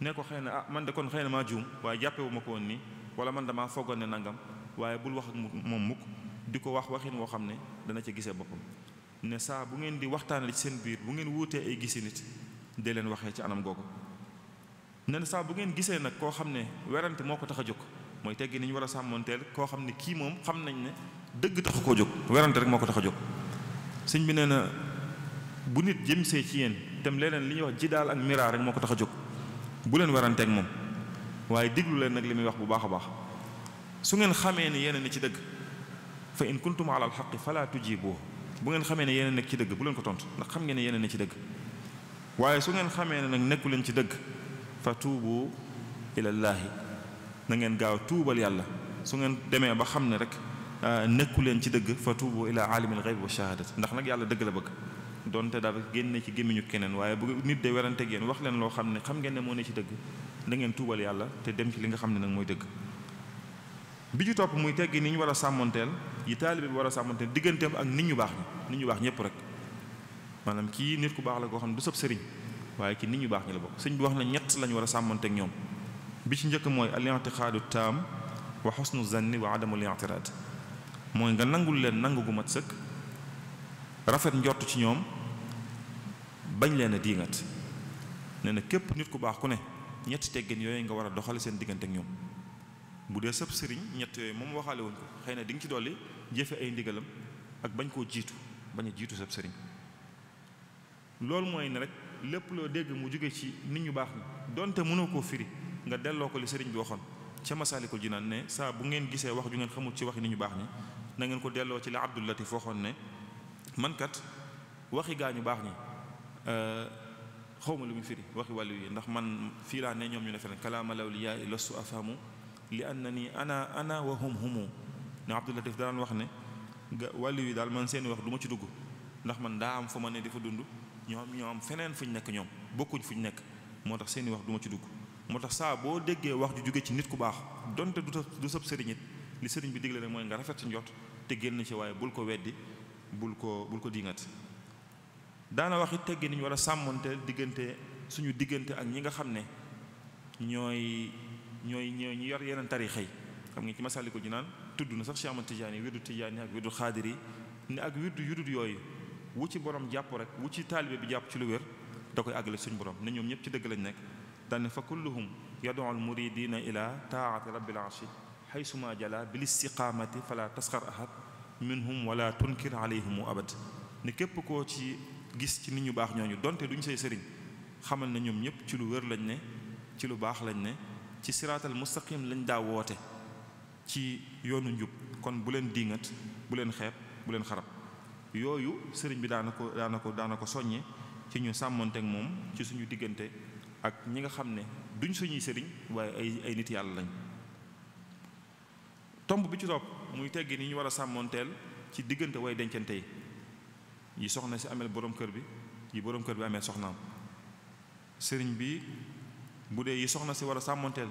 ne ko xëy na ah man de kon xëy na maa juum waaye jàppe ko woon nii wala man damaa foogoon ne nangam waaye bul wax ak moom mukk di ko wax waxin woo xam ne dana ca gisee boppam ne saa bu ngeen di waxtaanee ci seen biir bu ngeen wuutee ay gisi de leen waxee ci anam googu nee na saa bu ngeen gisee nag koo xam ne werante moo ko tax a jóg mooy teggi ni ñu war a sàmmoonteel koo xam ne kii moom xam nañ ne dëgg taxu koo jóg werante rek moo ko tax a jóg sëñ bi nee na bu nit jëm see ci yéen tam leneen li ñuy wax ji daal ak miraar rek moo ko tax a jóg bu leen werante ak moom waaye diglu leen nag li muy wax bu baax a baax su ngeen xamee ne yéen ni ci dëgg fa in kuntum ala falaatu fala tujibu bu ngeen xamee ne yéen nekk ci dëgg bu leen ko tontu ndax xam ngeen ne yéen ne ci dëgg waaye su ngeen xamee ne nag nekku leen ci dëgg fa tuubu ilallaahi na ngeen gaaw tuubal yàlla su ngeen demee ba xam ne rek ah, nekku leen ci dëgg fa tuubu ila aalimil xayb wa shahaadati ndax nag yàlla dëgg la bëgg donte dafa génne ci gémmiñu keneen waaye bu nit de werante ak wax leen loo xam ne xam ngeen ne moo ne ci dëgg nangeen ngeen tuubal yàlla te dem ci li nga xam ne nag mooy dëgg bi ju topp muy teggi ni ñu war a sàmmoonteel yi taalibe bi war a sàmmoonteel digganteem ak nit ñu baax ñi nit ñu baax ñëpp rek maanaam kii nit ku baax la koo xam ne du sab sëriñ waaye ki nit ñu baax ñi la bokk sëñ bi wax na ñett lañu war a sàmmanteeg ñoom bi ci njëkk mooy al i'tiqaadu taam wa xusnu zanni wa adamul i'tiraad mooy nga nangul leen nangu gu mat sëkk rafet njort ci ñoom bañ leen a diingat nee na képp nit ku baax ku ne ñetti teggin yooyu nga war a doxale seen diggante ak ñoom bu dee sab sëriñ ñett yooyu moom waxaale woon ko xëy na di nga ci dolli jëfe ay ndigalam ak bañ koo jiitu bañ jiitu sab sëriñ loolu mooy ne rek lépp loo dégg mu jóge ci nit ñu baax ñi donte mënoo koo firi nga delloo ko li sëriñ bi waxoon ca Masaalikul Jinaan ne saa bu ngeen gisee wax ju ngeen xamul ci waxi nit ñu baax ñi na ngeen ko delloo ci la Abdul Latif waxoon ne man kat waxi gaa ñu baax ñi euh, xawma lu mu firi waxi wàllu yi ndax man fii laa ne ñoom ñu ne feneen kalaama lawliyaa lastu afhamu li annani ana ana wa hum humu ne Abdul Latif daan wax ne wàllu yi daal man seeni wax du ma ci dugg ndax man daa am fu ma ne di fa dund ñoom ñoo am feneen fu ñu nekk ñoom bokkuñ fu ñu nekk moo tax seeni wax du ma ci dugg moo tax saa boo déggee wax ju jóge ci nit ku baax donte du du sab sëriñ it li sëriñ bi digle rek nga rafet ci njot te ci waaye bul ko weddi bul ko bul ko diingat daana wax it teggi niñ war a sàmmonte diggante suñu diggante ak ñi nga xam ne ñooy ñooy ñooy ñu yor yeneen tarixa xëy xam nga ci ko Masaalikul naan tudd na sax Cheikh Ahmad Tijaani wirdu Tijaani ak wirdu Xaadir yi ni ak wirdu yudut yooyu wu ci borom jàpp rek wu ci taalibe bi jàpp ci lu wér da koy àggale suñu borom ne ñoom ñëpp ci dëgg lañ nekk daal ne fa kulluhum yad'u al muridina ila taati rabbil arshi xaysuma jala bil istiqaamati fala tasxar ahad minhum wala tunkir alayhim abad ne képp ko ci gis ci nit ñu baax ñooñu donte duñ say sëriñ xamal na ñoom ñëpp ci lu wér lañ ne ci lu baax lañ ne ci siraatal mustaqim lañ daa woote ci yoonu njub kon bu leen diingat bu leen xeeb bu leen xarab yooyu sëriñ bi daana ko daana ko daana ko soññe ci ñu sàmmonteek moom ci suñu diggante ak ñi nga xam ne duñ suñuy sëriñ waaye ay ay nit yàlla lañ tomb bi ci topp muy teggi yi ñu war a sàmmoonteel ci diggante way dencante yi yi soxna si ameel borom kër bi yi boroom kër bi amee soxnaam sëriñ bi bu dee yi soxna si war a sàmmonteel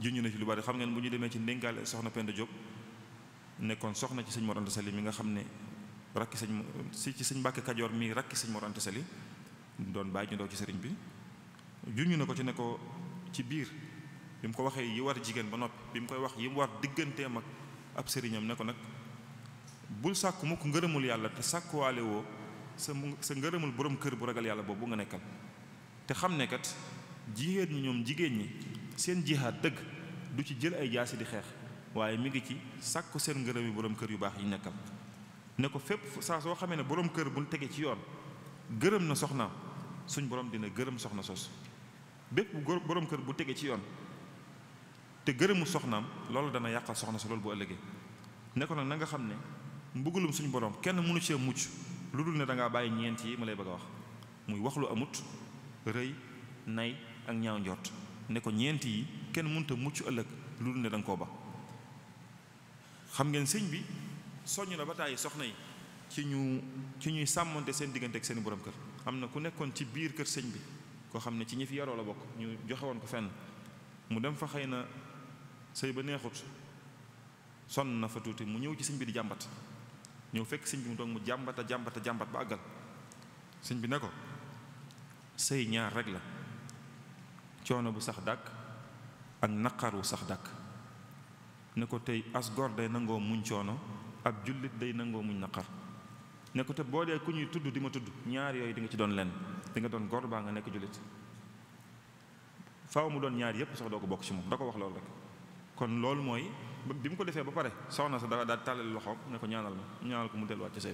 juñu na ci lu bari xam ne bu ñu demee ci ndénkaale soxna Penda Diop nekkoon soxna ci sëñ Mor Anta Sali mi nga xam ne rakki sëñ si ci sëñ Mbàkke Kajoor mii rakki sëñ Mor Anta Sali doon bàyyi ñu doo ci sëriñ bi juñu na ko ci ne ko ci biir bi mu ko waxee yi war jigéen ba nopp bi mu koy wax yi mu war digganteem ak ab sëriñam ne ko nag bul sàkku ko ngërëmul yàlla te sàkkuwaale woo sa sa ngërëmul borom kër bu ragal yàlla boobu nga nekkal te xam ne kat jigéen ñi ñoom jigéen ñi seen jihaad dëgg du ci jël ay jaasi di xeex waaye mi ngi ci sàkku seen ngërëm yi borom kër yu baax yi nekkal ne ko fépp saa soo xamee ne borom kër bu ñu tegee ci yoon gërëm na soxnaam suñ borom dina gërëm soxna sos bépp boroom kër bu tegee ci yoon te gërëmu soxnaam loolu dana yàqal soxna si bu ëllëgee ne ko nag na nga xam ne mbugulum suñ borom kenn mënu cee mucc lu dul ne da ngaa bàyyi ñeent yi ma lay bëgg a wax muy wax lu amut rëy nay ak ñaaw njort ne ko ñeent yi kenn mënut mucc ëllëg lu dul ne da nga koo ba xam ngeen sëñ bi soññ la ba tàyyi soxna yi ci ñu ci ñuy sàmmonte seen diggante ak seen boroom kër am na ku nekkoon ci biir kër sëñ bi koo xam ne ci ñi fi yaroo la bokk ñu joxe woon ko fenn mu dem fa xëy na sëy ba neexut sonn na fa tuuti mu ñëw ci sëñ bi di jàmbat ñëw fekk sëñ bi mu toog mu jàmbata jàmbata jàmbat ba àggal sëñ bi ne ko sëy ñaar rek la coono bu sax dàkk ak naqar wu sax dàkk ne ko tey as gor day nangoo muñ coono ab jullit day nangoo muñ naqar ne ko te boo dee ku ñuy tudd di ma tudd ñaar yooyu di nga ci doon lenn di nga doon góor baa nga nekk jullit faaw mu doon ñaar yépp sox doo ko bokk ci moom da ko wax loolu rek kon loolu mooy bi mu ko defee ba pare soxna sa daa daal tàllal loxoom ne ko ñaanal ma ñaanal ko mu delluwaat ci sëy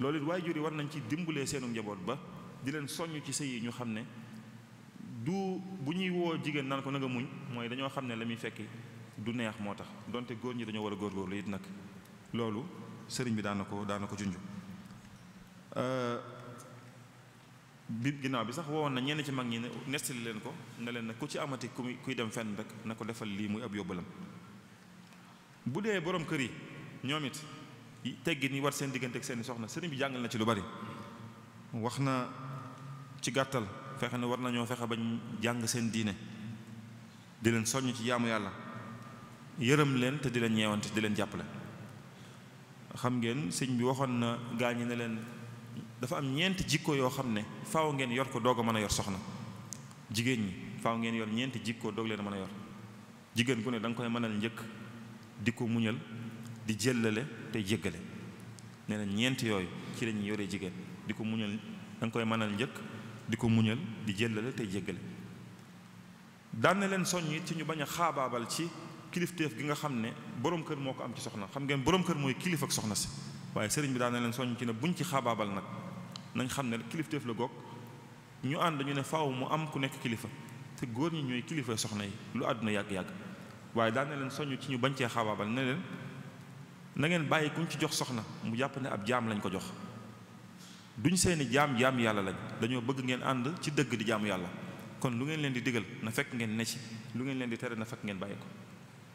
lool loolu it waaye jur yi war nañ ci dimbalee seenu njaboot ba di leen soññ ci sëy yi ñu xam ne du bu ñuy woo jigéen naan ko na nga muñ mooy dañoo xam ne la muy fekki du neex moo tax donte góor ñi dañoo war a góorgóorlu it nag loolu sëriñ bi daan na ko daan na ko junj euh, bi ginnaaw bi sax woowoon na ñenn ci mag ñi ne nestali leen ko ne leen ku ci amati ku kuy dem fenn rek na ko defal lii muy ab yóbbalam bu dee boroom kër yi ñoom it teggin yi war seen diggante ak seeni soxna sëriñ bi jàng na ci lu bari wax na ci gàttal fexe na war nañoo fexe bañ jàng seen diine di leen soññ ci yaamu yàlla yërëm leen te di leen ñeewante di leen jàppale xam ngeen sëñ bi waxoon na gaañi ne leen dafa am ñeenti jikko yoo xam ne faw ngeen yor ko doog a mën a yor soxna jigéen ñi faw ngeen yor ñeenti jikkoo doog leen mën a yor jigéen ku ne da koy mënal njëkk di ko muñal di jëllale tey jéggale nee na ñeent yooyu ci la ñuy jigéen di ko muñal da nga koy mënal njëkk di ko muñal di jëllale te jéggale leen soññ ci ñu bañ a xaabaabal ci kilifteef gi nga xam ne borom kër moo ko am ci soxna xam ngeen boroom kër mooy kilifa soxna si waaye sëriñ bi daan leen soññ ci ne buñ ci xaabaabal nag nañ xam ne kilifteef la goog ñu ànd ne faaw mu am ku nekk kilifa góor ñi kilifa soxna yi lu àdduna yàgg-yàgg waaye daan leen soññ ci ñu bañ cee xaabaabal ne leen na ngeen bàyyi kuñ ci jox soxna mu jàpp ne ab jaam lañ ko jox duñ seeni jaam jaam yàlla lañ dañoo bëgg ngeen ànd ci dëgg di jaamu yàlla kon lu ngeen leen di digal na fekk ngeen ne ci lu ngeen leen di tere na fekk ngeen bàyyi ko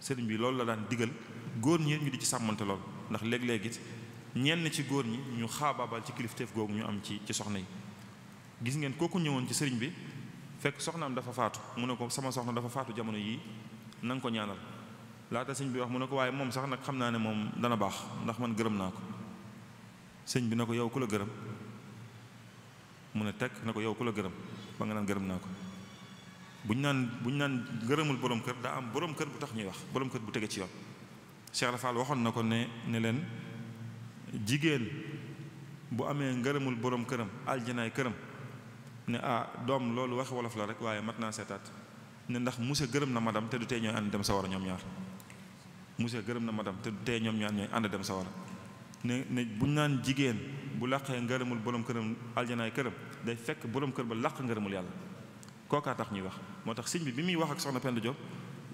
sëriñ bi loolu la daan diggal góor ñi ñu di ci sàmmante lool ndax léeg-léeg it ñenn ci góor ñi ñu xaabaabal ci kilifteef googu ñu am ci ci soxna yi gis ngeen kooku ñëwoon ci sëriñ bi fekk soxnaam dafa faatu mu ne ko sama soxna dafa faatu jamono yii na ko ñaanal laata sëñ bi wax mu ne ko waaye moom sax nag xam naa ne moom dana baax ndax man gërëm naa ko sëñ bi na ko yow ku la gërëm mu ne teg na ko yow ku la gërëm ba nga naan gërëm naa ko bu ñu naan bu ñu naan gërëmul borom kër daa am borom kër bu tax ñuy wax borom kër bu tege ci yoon Cheikh Rafal waxoon na ko ne ne leen jigéen bu amee ngërëmul borom këram aljanaay këram ne ah doom loolu wax wolof la rek waaye mat naa seetaat ne ndax monsieur gërëm na madame te du tee ñooy dem sawara ñoom ñaar monsieur gërëm na madame te tee ñoom ñaar ñooy ànd dem sawara ne ne bu naan jigéen bu làqee ngërëmul borom këram aljanaay këram day fekk borom kër ba làq ngërëmul yàlla kookaa tax ñuy wax moo tax sëñ bi bi muy wax ak soxna Penda Diop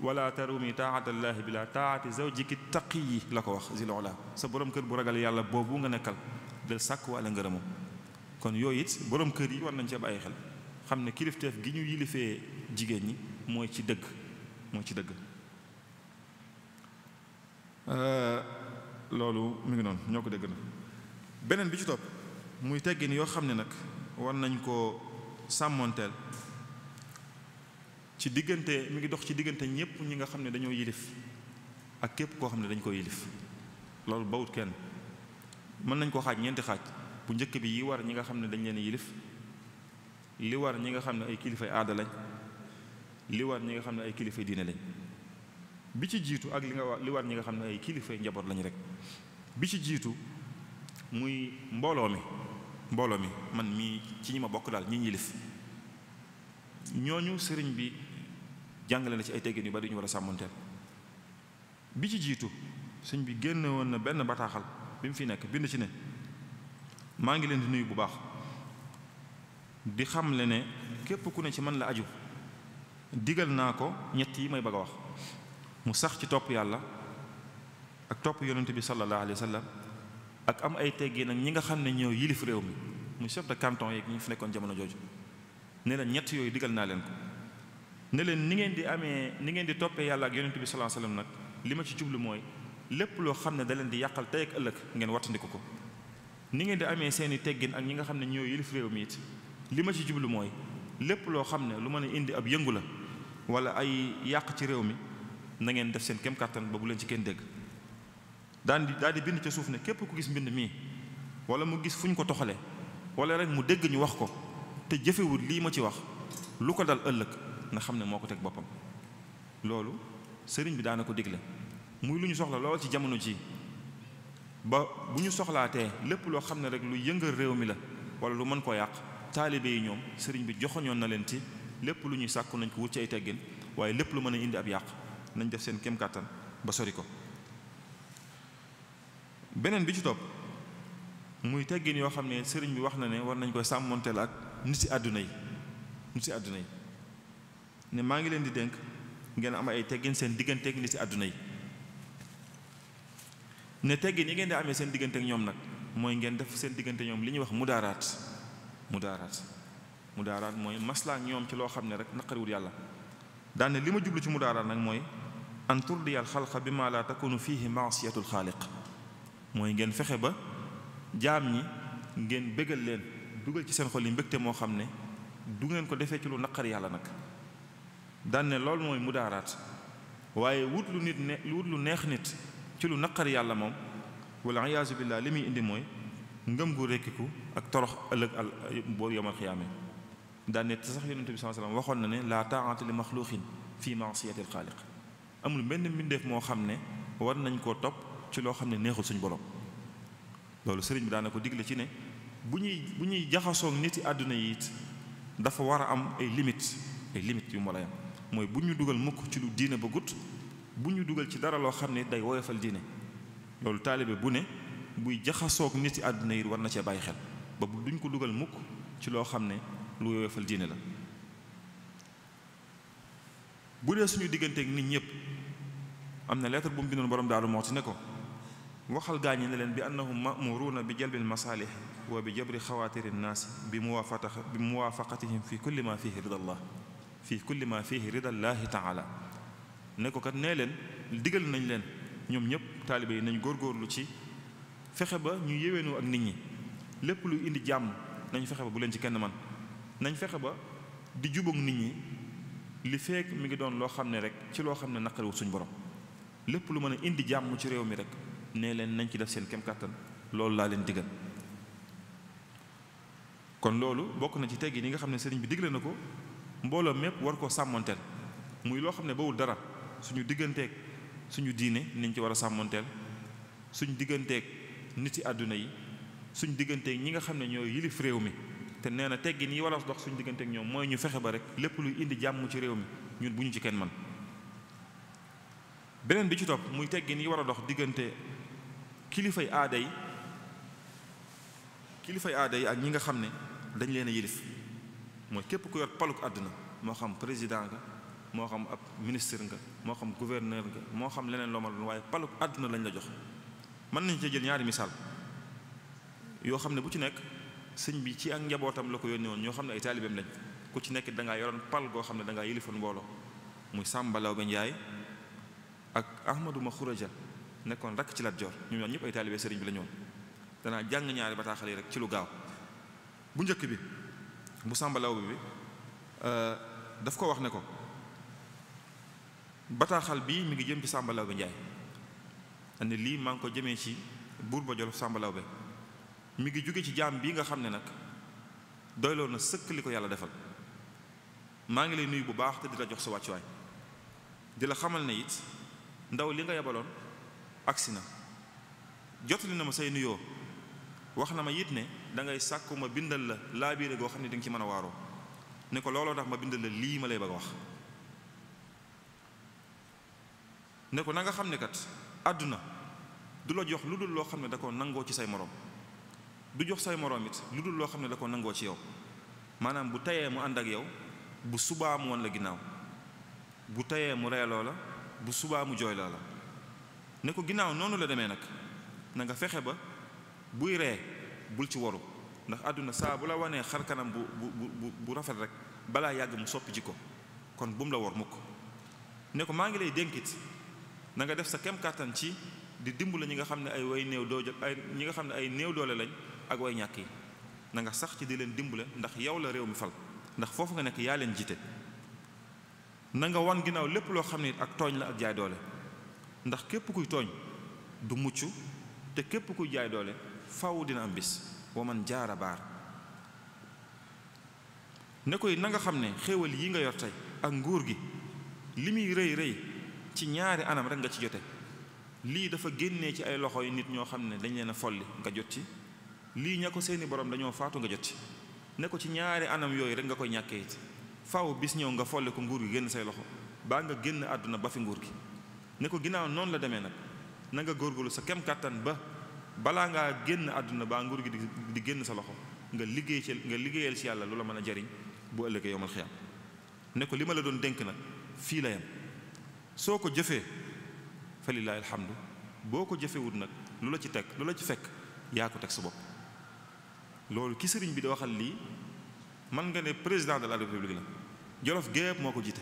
wala tarumi taatallaahi bi la taati zawjiki yi la ko wax zil ola sa borom kër bu ragal yàlla boobu nga nekkal del sàkk wala ngërëmam kon yooyu boroom kër yi war nañ cee bàyyi xel xam ne kilifteef gi ñu yilifee jigéen ñi mooy ci dëgg mooy ci dëgg euh, loolu mu ngi noonu ñoo ko dégg na beneen bi ci topp muy teggin yoo xam ne nag war nañ koo sàmmoonteel ci diggante mi ngi dox ci diggante ñëpp ñi nga xam ne dañoo yilif ak képp koo xam ne dañ ko yilif loolu bawut kenn mën nañ ko xaaj ñeenti xaaj bu njëkk bi yi war ñi nga xam ne dañu leen yilif li war ñi nga xam ne ay kilifay aada lañ li war ñi nga xam ne ay kilifay diine lañ bi ci jiitu ak li nga li war ñi nga xam ne ay kilifay njaboot lañ rek bi ci jiitu muy mbooloo mi mbooloo mi man mii ci ñi ma bokk daal ñi yilif ñooñu sëriñ bi jàngale na ci ay teggin yu bari ñu war a sàmmanteel bi ci jiitu sëñ bi génn woon na benn bataaxal bi mu fi nekk bind ci ne maa ngi leen di nuyu bu baax di xam le ne képp ku ne ci man la aju digal naa ko ñetti yi may bëgg a wax mu sax ci topp yàlla ak topp yonent bi sallallahu alayhi wa sallam ak am ay teggee nag ñi nga xam ne ñoo yilif réew mi mu set de canton yeeg ñi fi nekkoon jamono jooju ne la ñett yooyu digal naa leen ko ne leen ni ngeen di amee ni ngeen di toppee yàlla ak yonent bi sallallahu alayhi wasallam nag li ma ci jublu mooy lépp loo xam ne da leen di yàqal tey ak ëllëg ngeen wattandiku ko ni ngeen di amee seen i teggin ak ñi nga xam ne ñoo yilif réew mi it li ma ci jublu mooy lépp loo xam ne lu mën a indi ab yëngu la wala ay yàq ci réew mi na ngeen def seen kem kàttan ba bu leen ci kenn dégg daan di daal di bind ca suuf ne képp ku gis mbind mii wala mu gis fu ñu ko toxalee wala rek mu dégg ñu wax ko te jëfewul lii ma ci wax lu ko dal ëllëg na xam ne moo ko teg boppam loolu sëriñ bi daana ko digle muy lu ñu soxla lool ci jamono ji ba bu ñu soxlaatee lépp loo xam ne rek lu yëngal réew mi la wala lu mën koo yàq taalibe yi ñoom sëriñ bi joxoñoon na leen ci lépp lu ñuy sàkku nañ ko wut ci ay teggin waaye lépp lu mën a indi ab yàq nañ def seen kem kàttan ba sori ko beneen bi ci topp muy teggin yoo xam ne sëriñ bi wax na ne war nañ koy sàmmoonteel ak nit si àdduna yi nit si àdduna yi ne maa ngi leen di dénk ngeen am ay teggin seen digganteeg li ci àdduna yi ne teggin yi ngeen di amee seen digganteeg ñoom nag mooy ngeen def seen diggante ñoom li ñuy wax mudaaraat mudaaraat mudaaraat mooy maslaa ak ñoom ci loo xam ne rek naqariwul yàlla daan li ma jublu ci mudaaraat nag mooy an turdiyal xalqa bi ma la takunu fihi maasiyatul xaaliq mooy ngeen fexe ba jaam ñi ngeen bégal leen dugal ci seen xol yi mbégte moo xam ne du ngeen ko defee ci naqar yàlla nag daan ne loolu mooy mudaaraat waaye wut lu nit ne wut lu neex nit ci lu naqar yàlla moom wala iyaasu billaah li muy indi mooy ngëm gu rekkiku ak torox ëllëg al boo yomal xiyaame daan ne te sax yonente bi sallallahu waxoon na ne la taa'ata li maxluuqin fi ma'siyatil xaaliq amul benn mbindeef moo xam ne war nañ koo topp ci loo xam ne neexul suñu borom loolu sëriñ bi daana ko digle ci ne bu ñuy bu ñuy jaxasoo nit i àdduna yi dafa war a am ay limites ay limites mooy bu ñu dugal mukk ci lu diine ba gudd bu ñu dugal ci dara loo xam ne day woyofal diine loolu taalibe bu ne buy jaxasoog nit yi àdduna yi war na cee bàyyi xel ba duñ ko dugal mukk ci loo xam ne lu woyofal diine la bu dee suñu digganteek nit ñëpp am na lettre bu mu bindoon borom moo Muxti ne ko waxal gaañi ne leen bi annahum ma'muruuna bi jalbil masaalih wa bi jabri xawaatiri naas bi bi muwaafaqatihim fi kulli ma fihi ridallah fii kulli ma fihi ridallaahi taala ne ko kat nee leen digal nañ leen ñoom ñëpp taalibe yi nañ góorlu ci fexe ba ñu yéwénoo ak nit ñi lépp luy indi jàmm nañ fexe ba bu leen ci kenn man nañ fexe ba di jubóog nit ñi li feek mi ngi doon loo xam ne rek ci loo xam ne naqariwul suñu borom lépp lu mën a indi jàmm ci réew mi rek nee leen nañ ci def seen kem kàttan loolu laa leen digal kon loolu bokk na ci teggi yi nga xam ne sëriñ bi digle na ko mbooloo mépp war koo sàmmoonteel muy loo xam ne bawul dara suñu digganteek suñu diine niñ ci war a sàmmonteel suñu digganteeg nit ci àdduna yi suñu digganteeg ñi nga xam ne ñoo yilif réew mi te nee na teggin yi war a dox suñu digganteek ñoom mooy ñu fexe ba rek lépp luy indi jàmm ci réew mi ñun bu ñu ci kenn man beneen bi ci topp muy teggin nii war a dox diggante kilifay aada yi kilifay aada yi ak ñi nga xam ne dañ leen a yilif mooy képp ku yor paluk àdduna moo xam président nga moo xam ab ministre nga moo xam gouverneur nga moo xam leneen loo waaye paluk àdduna lañ la jox mën nañ ci jël ñaari misaal yoo xam ne bu ci nekk sëñ bi ci ak njabootam la ko yónnee woon ñoo xam ne ay taalibeem lañ ku ci nekk dangaa yoroon pal goo xam ne dangaa yilifoon mbooloo muy Samba Laobé njaay ak Ahmadou Makhoureja nekkoon rakk ci Lat ñu ñoom ñëpp ay taalibe sëriñ bi la ñu woon danaa jàng ñaari bataaxal rek ci lu gaaw bu njëkk bi bu sàmbalaw bi euh, daf ko wax ne ko bataaxal bii mi ngi jëm ci sàmbalaw bi njaay ne lii maa ngi ko jëmee ci buur ba jolof sàmbalaw bi mi ngi jóge ci jaam bii nga xam ne nag doyloo na sëkk li ko yàlla defal maa ngi lay nuyu bu baax te di la jox sa wàccuwaay di la xamal ne it ndaw li nga yebaloon agsi na jotali na ma say nuyoo wax na ma yit ne dangay sàkku ma bindal la laabiire goo xam ne di ci mën a waaroo ne ko looloo tax ma bindal la lii ma lay bëgg wax ne ko na nga xam ne kat àdduna du la jox lu dul loo xam ne da ko nangoo ci say moroom du jox say moroom it lu dul loo xam ne da ko nangoo ci yow maanaam bu tayee mu ànd ak yow bu subaa mu won la ginnaaw bu tayee mu reeloo la bu subaa mu jooyloo la ne ko ginnaaw noonu la demee nag nanga fexe ba buy ree bul ci waru ndax àdduna saa bu la wanee xar kanam bu bu bu rafet rek balaa yàgg mu soppi ji ko kon bu mu la war mukk ne ko maa ngi lay dénkit na nga def sa kem kàttan ci di dimbali ñi nga xam ne ay way néew doole ay ñi nga xam ne ay néew doole lañ ak way ñàkk yi na nga sax ci di leen dimbale ndax yow la réew mi fal ndax foofu nga nekk yaa leen jiite na nga wan ginnaaw lépp loo xam ne ak tooñ la ak jaay doole ndax képp kuy tooñ du mucc te képp ku jaay faw dina am bis wa man jaara baar ne koy na nga xam ne xéewal yi nga yor tey ak nguur gi li muy rëy rëy ci ñaari anam rek nga ci jote lii dafa génnee ci ay loxo yu nit ñoo xam ne dañ leen a folli nga jot ci lii ña ko seeni borom dañoo faatu nga jot ci ne ko ci ñaari anam yooyu rek nga koy ñàkkee it faaw bis ñëw nga folle ko nguur gi génn say loxo baa nga génn àdduna ba fi nguur gi ne ko ginnaaw noonu la demee nag na nga góorgóorlu sa kem kàttan ba balaa ngaa génn àdduna baa nguur gi di génn sa loxo nga liggéey ci nga liggéeyal ci yàlla lu la mën a jariñ bu ëllëgee yowmal xiyaam ne ko li ma la doon dénk nag fii la soo ko jëfee fa lillaahi boo ko jëfewut nag lu la ci teg lu la ci fekk yaa ko teg sa bopp loolu ki sëriñ bi di waxal lii man nga ne président de la république la jolof gépp moo ko jiite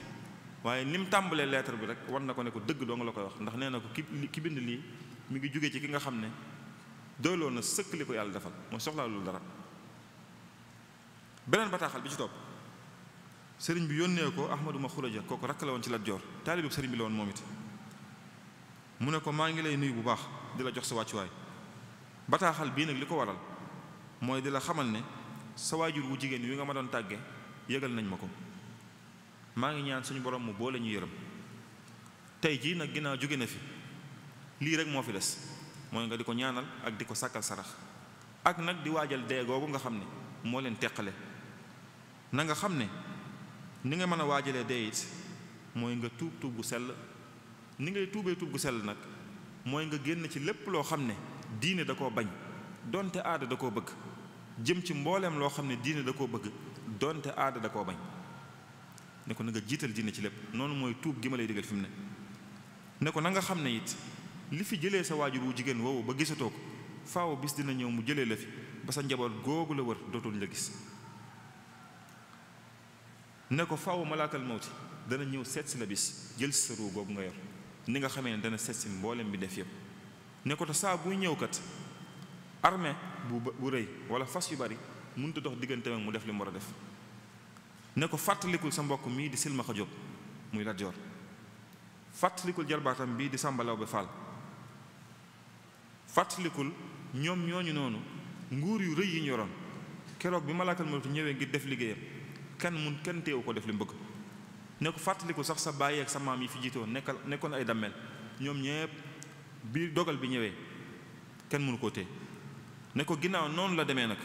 waaye ni mu tàmbalee lettre bi rek war na ko ne ko dëgg doo nga la koy wax ndax nee na ko ki ki bind lii mi ngi jóge ci ki nga xam ne doyloo na sëkk li ko yàlla defal mooy soxlaalul dara beneen bataaxal bi ci topp sëriñ bi yónnee ko Ahmadu ma xuraja kooku rakk la woon ci Lat Joor taalibu sëriñ bi la woon moom it mu ne ko maa ngi lay nuyu bu baax di la jox sa wàccuwaay bataaxal bii nag li ko waral mooy di la xamal ne sa waajur wu jigéen wi nga ma doon tàgge yëgal nañ ma ko maa ngi ñaan suñu borom mu boole ñu yërëm tey jii nag ginnaaw jóge na fi lii rek moo fi des mooy nga di ko ñaanal ak di ko sàkkal sarax ak nag di waajal dee googu nga xam ne moo leen teqale na nga xam ne ni nga mën a waajalee dee it mooy nga tuub tuub gu sell ni ngay tuubee tuub gu sell nag mooy nga génn ci lépp loo xam ne diine da koo bañ donte aada da koo bëgg jëm ci mbooleem loo xam ne diine da koo bëgg donte aada da koo bañ ne ko na nga jiital diine ci lépp noonu mooy tuub gi ma lay digal fi mu ne ne ko na nga xam ne it li fi jëlee sa waajur wu jigéen woowu ba gisatoo ko faaw bis dina ñëw mu jëlee la fi ba sa njaboot googu la wër dootuñ la gis ne ko faaw malaakal mawti dana ñëw seet si la bis jël si sa ruu googu nga yor ni nga xamee ne dana seet si mboolem bi def yëpp ne ko te saa buy ñëw kat armée bu bu rëy wala fas yu bari mënut dox diggante mu def li mu war a def ne ko fàttalikul sa mbokk mii di silmaxa jóg muy Lat Joor fàttalikul jarbaatam bii di sàmbalaw ba Fall fàttalikul ñoom ñooñu noonu nguur yu rëy yi ñu yoroon keroog bi ma malaakal mawtu ñëwee ngir def liggéeyam kenn mun kenn teewu ko def li mu bëgg ne ko fàttaliku sax sa baay ak sa maam yi fi jiitoon nekkal nekkoon ay dammel ñoom ñëpp biir dogal bi ñëwee kenn munu koo téye ne ko ginnaaw noonu la demee nag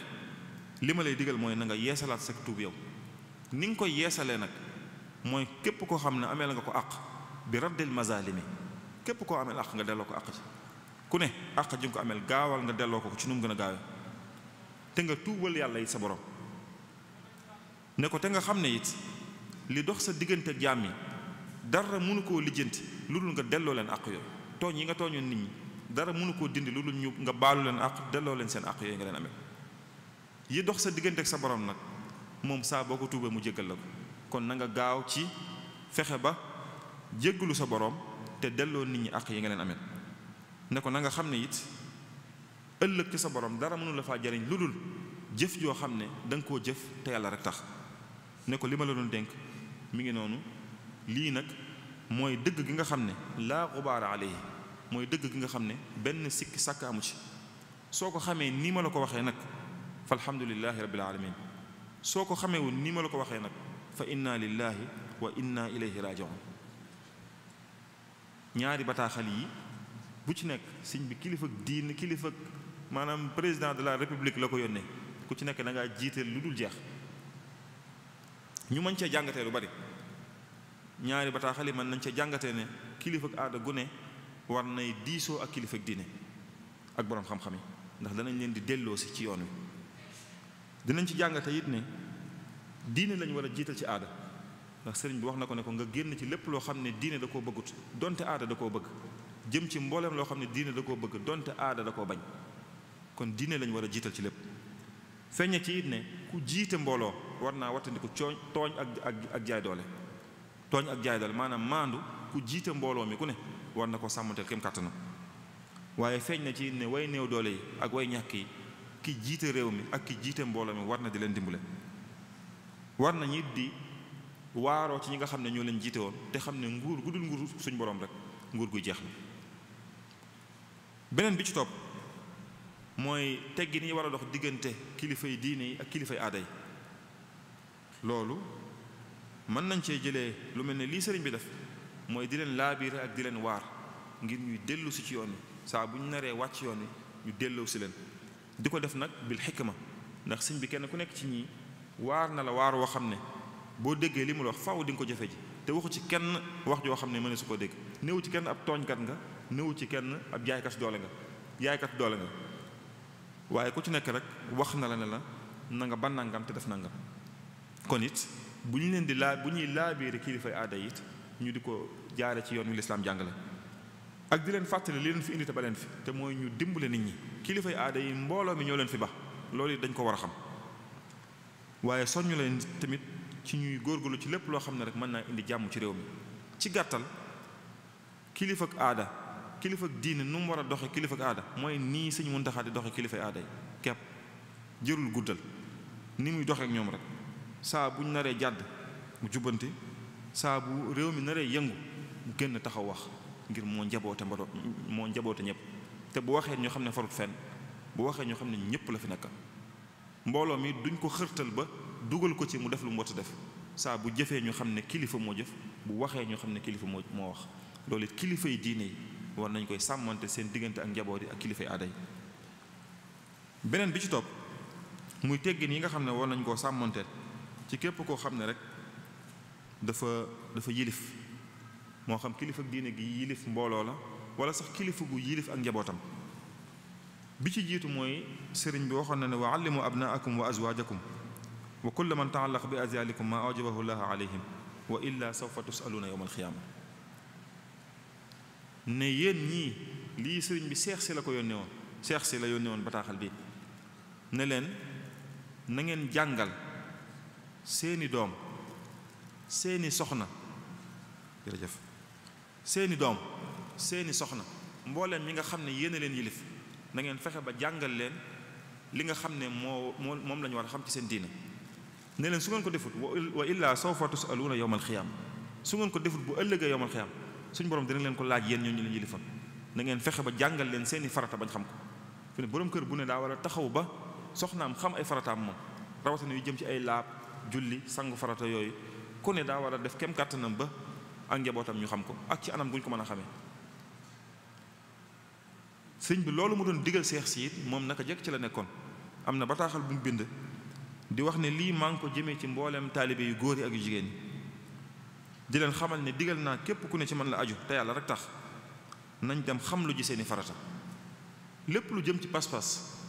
li ma lay digal mooy na nga yeesalaat sa tuub yow ni nga koy yeesalee nag mooy képp koo xam ne amee la nga ko àq bi raddil mazalimi képp koo amee àq nga delloo ko àq ku ne àq ji nga ko ameel gaawal nga delloo ko ci nu mu gën a gaawe te nga tuubal yàlla it sa borom ne ko te nga xam ne it li dox sa diggante jaam yi dara mënu koo lijjanti lu dul nga delloo leen àq yooyu tooñ yi nga tooñoon nit ñi dara mënu koo dindi lu dul ñu nga baalu leen àq delloo leen seen àq yooyu nga leen amee yi dox sa diggante ak sa boroom nag moom saa boo ko tuubee mu jéggal la ko kon na nga gaaw ci fexe ba jéggalu sa borom te delloo nit ñi àq yi nga leen amee ne ko nanga xam ne it ëllëg ci sa borom dara mënu la faa jariñ lu dul jëf joo xam ne danga nga koo jëf te yàlla rek tax ne ko li ma la doon dénk mu ngi noonu lii nag mooy dëgg gi nga xam ne laa xubaara alayhi mooy dëgg gi nga xam ne benn sikki sàkk ci soo ko xamee nii ma la ko waxee nag fa alhamdulilahi rabbil alamin soo ko xamee nii ma la ko waxee nag fa inna lillahi wa inna ilayhi rajiun ñaari bataaxal yi bu ci nekk sëñ bi kilifa ak diin kilifa ak maanaam président de la république la ko yónnee ku ci nekk da ngaa lu dul jeex ñu mën cee jàngatee lu bari ñaari bataaxal yi mën nañ cee jàngatee ne kilifa ak aada gu ne war nay diisoo ak kilifa ak diine ak boroom xam-xam yi ndax danañ leen di delloosi ci yoon wi dinañ ci jàngate it ne diine lañ war a jiital ci aada ndax sëriñ bi wax na ko ne ko nga génn ci lépp loo xam ne diine da koo bëggut donte aada da koo bëgg jëm ci mbooleem loo xam ne diine da koo bëgg donte aada da koo bañ kon diine lañ war a jiital ci lépp feññe ci it ne ku jiite mbooloo war naa wattandiku cooñ tooñ ak ak ak jaay doole tooñ ak jaay doole maanaam maandu ku jiite mbooloo mi ku ne war na ko sàmmanteel kem kàttanam waaye feeñ na ci ne way néew doole yi ak way ñàkk yi ki jiite réew mi ak ki jiite mbooloo mi war na di leen dimbale war na ñit di waaroo ci ñi nga xam ne ñoo leen jiite woon te xam ne nguur gu dul nguur suñ borom rek nguur guy jeex la beneen bi ci topp mooy teggin yi war a dox diggante kilifay diine yi ak kilifay aada yi loolu mën nañ cee jëlee lu mel ne lii sëriñ bi def mooy di leen laabiire ak di leen waar ngir ñuy dellu si ci yoon wi saa bu ñu naree wàcc yoon wi ñu dellu si leen di ko def nag bil ma ndax sëñ bi kenn ku nekk ci ñii waar na la waar woo xam ne boo déggee li mu la wax faaw di nga ko jafe ji te waxu ci kenn wax joo xam ne mën na su ko dégg néew ci kenn ab tooñkat nga néew ci kenn ab jaaykat doole nga jaaykat doole nga waaye ku ci nekk rek wax na la ne la nanga nga ban nangam te def nangam kon it bu ñu leen di laa bu ñuy laabiire kilifay aada it ñu di ko jaare ci yoon wi lislaam jàngale ak di leen fàttali li leen fi indi te ba leen fi te mooy ñu dimbale nit ñi kilifay aada yi mbooloo mi ñoo leen fi ba loolu it dañ ko war a xam waaye soññu leen tamit ci ñuy góor góorgóorlu ci lépp loo xam ne rek mën naa indi jàmm ci réew mi ci gàttal kilifak aada kilifa diine nu mu war a doxe kilifa aada mooy nii sëñ Muntaxa di doxe kilifa aada yi kepp jërul guddal ni muy doxeek ñoom rek saa bu ñu naree jàdd mu jubbante saa bu réew mi naree yëngu mu génn taxaw wax ngir moo njaboote mbado moo njaboote ñëpp te bu waxee ñoo xam ne farut fenn bu waxee ñoo xam ne ñëpp la fi nekk mbooloo mi duñ ko xërtal ba dugal ko ci mu def lu mu war a def saa bu jëfee ñoo xam ne kilifa moo jëf bu waxee ñoo xam ne kilifa moo moo wax loolu it kilifa yi diine yi war nañ koy sàmmante seen diggante ak njaboot yi ak kilifay aada yi beneen bi ci topp muy teggin yi nga xam ne war nañ koo sàmmanteel ci képp koo xam ne rek dafa dafa yilif moo xam kilifa ak diine gi yilif mbooloo la wala sax kilifa gu yilif ak njabootam bi ci jiitu mooy sëriñ bi waxoon na ne wa allimu abnaakum wa azwaajakum wa kulla man taallaq bi azyalikum ma awjabahu llaah alayhim wa illa ne yéen ñii lii sëriñ bi seex si la ko yónnee woon seex si la yónnee woon bataaxal bi ne leen nangeen jàngal seeni doom seeni soxna jërëjëf seeni doom seeni soxna mbooleem ñi nga xam ne yéen a leen yilif na ngeen fexe ba jàngal leen li nga xam ne moo moo moom lañu war a xam ci seen diine ne leen su ngeen ko defut wa illaa sawfa tusaluuna yowmal xiyaam su ngeen ko defut bu ëllëgee yowmal xiyaam suñ borom dina leen ko laaj yéen ñooñu leen yilifoon na ngeen fexe ba jàngal leen seeni farata bañ xam ko fi ne borom kër bu ne daa war a taxaw ba soxnaam xam ay farataam moom rawatina yu jëm ci ay laab julli sangu farata yooyu ku ne daa war a def kem kàttanam ba ak njabootam ñu xam ko ak ci anam guñ ko mën a xamee sëñ bi loolu mu doon digal seex si it moom naka jekk ci la nekkoon am na bataaxal bu mu bind di wax ne lii maa ngi ko jëmee ci mbooleem taalibe yu góor yi ak jigéen ñi di leen xamal ne digal naa képp ku ne ci man la aju te yàlla rek tax nañ dem xam lu ji seeni farata lépp lu jëm ci pas-pas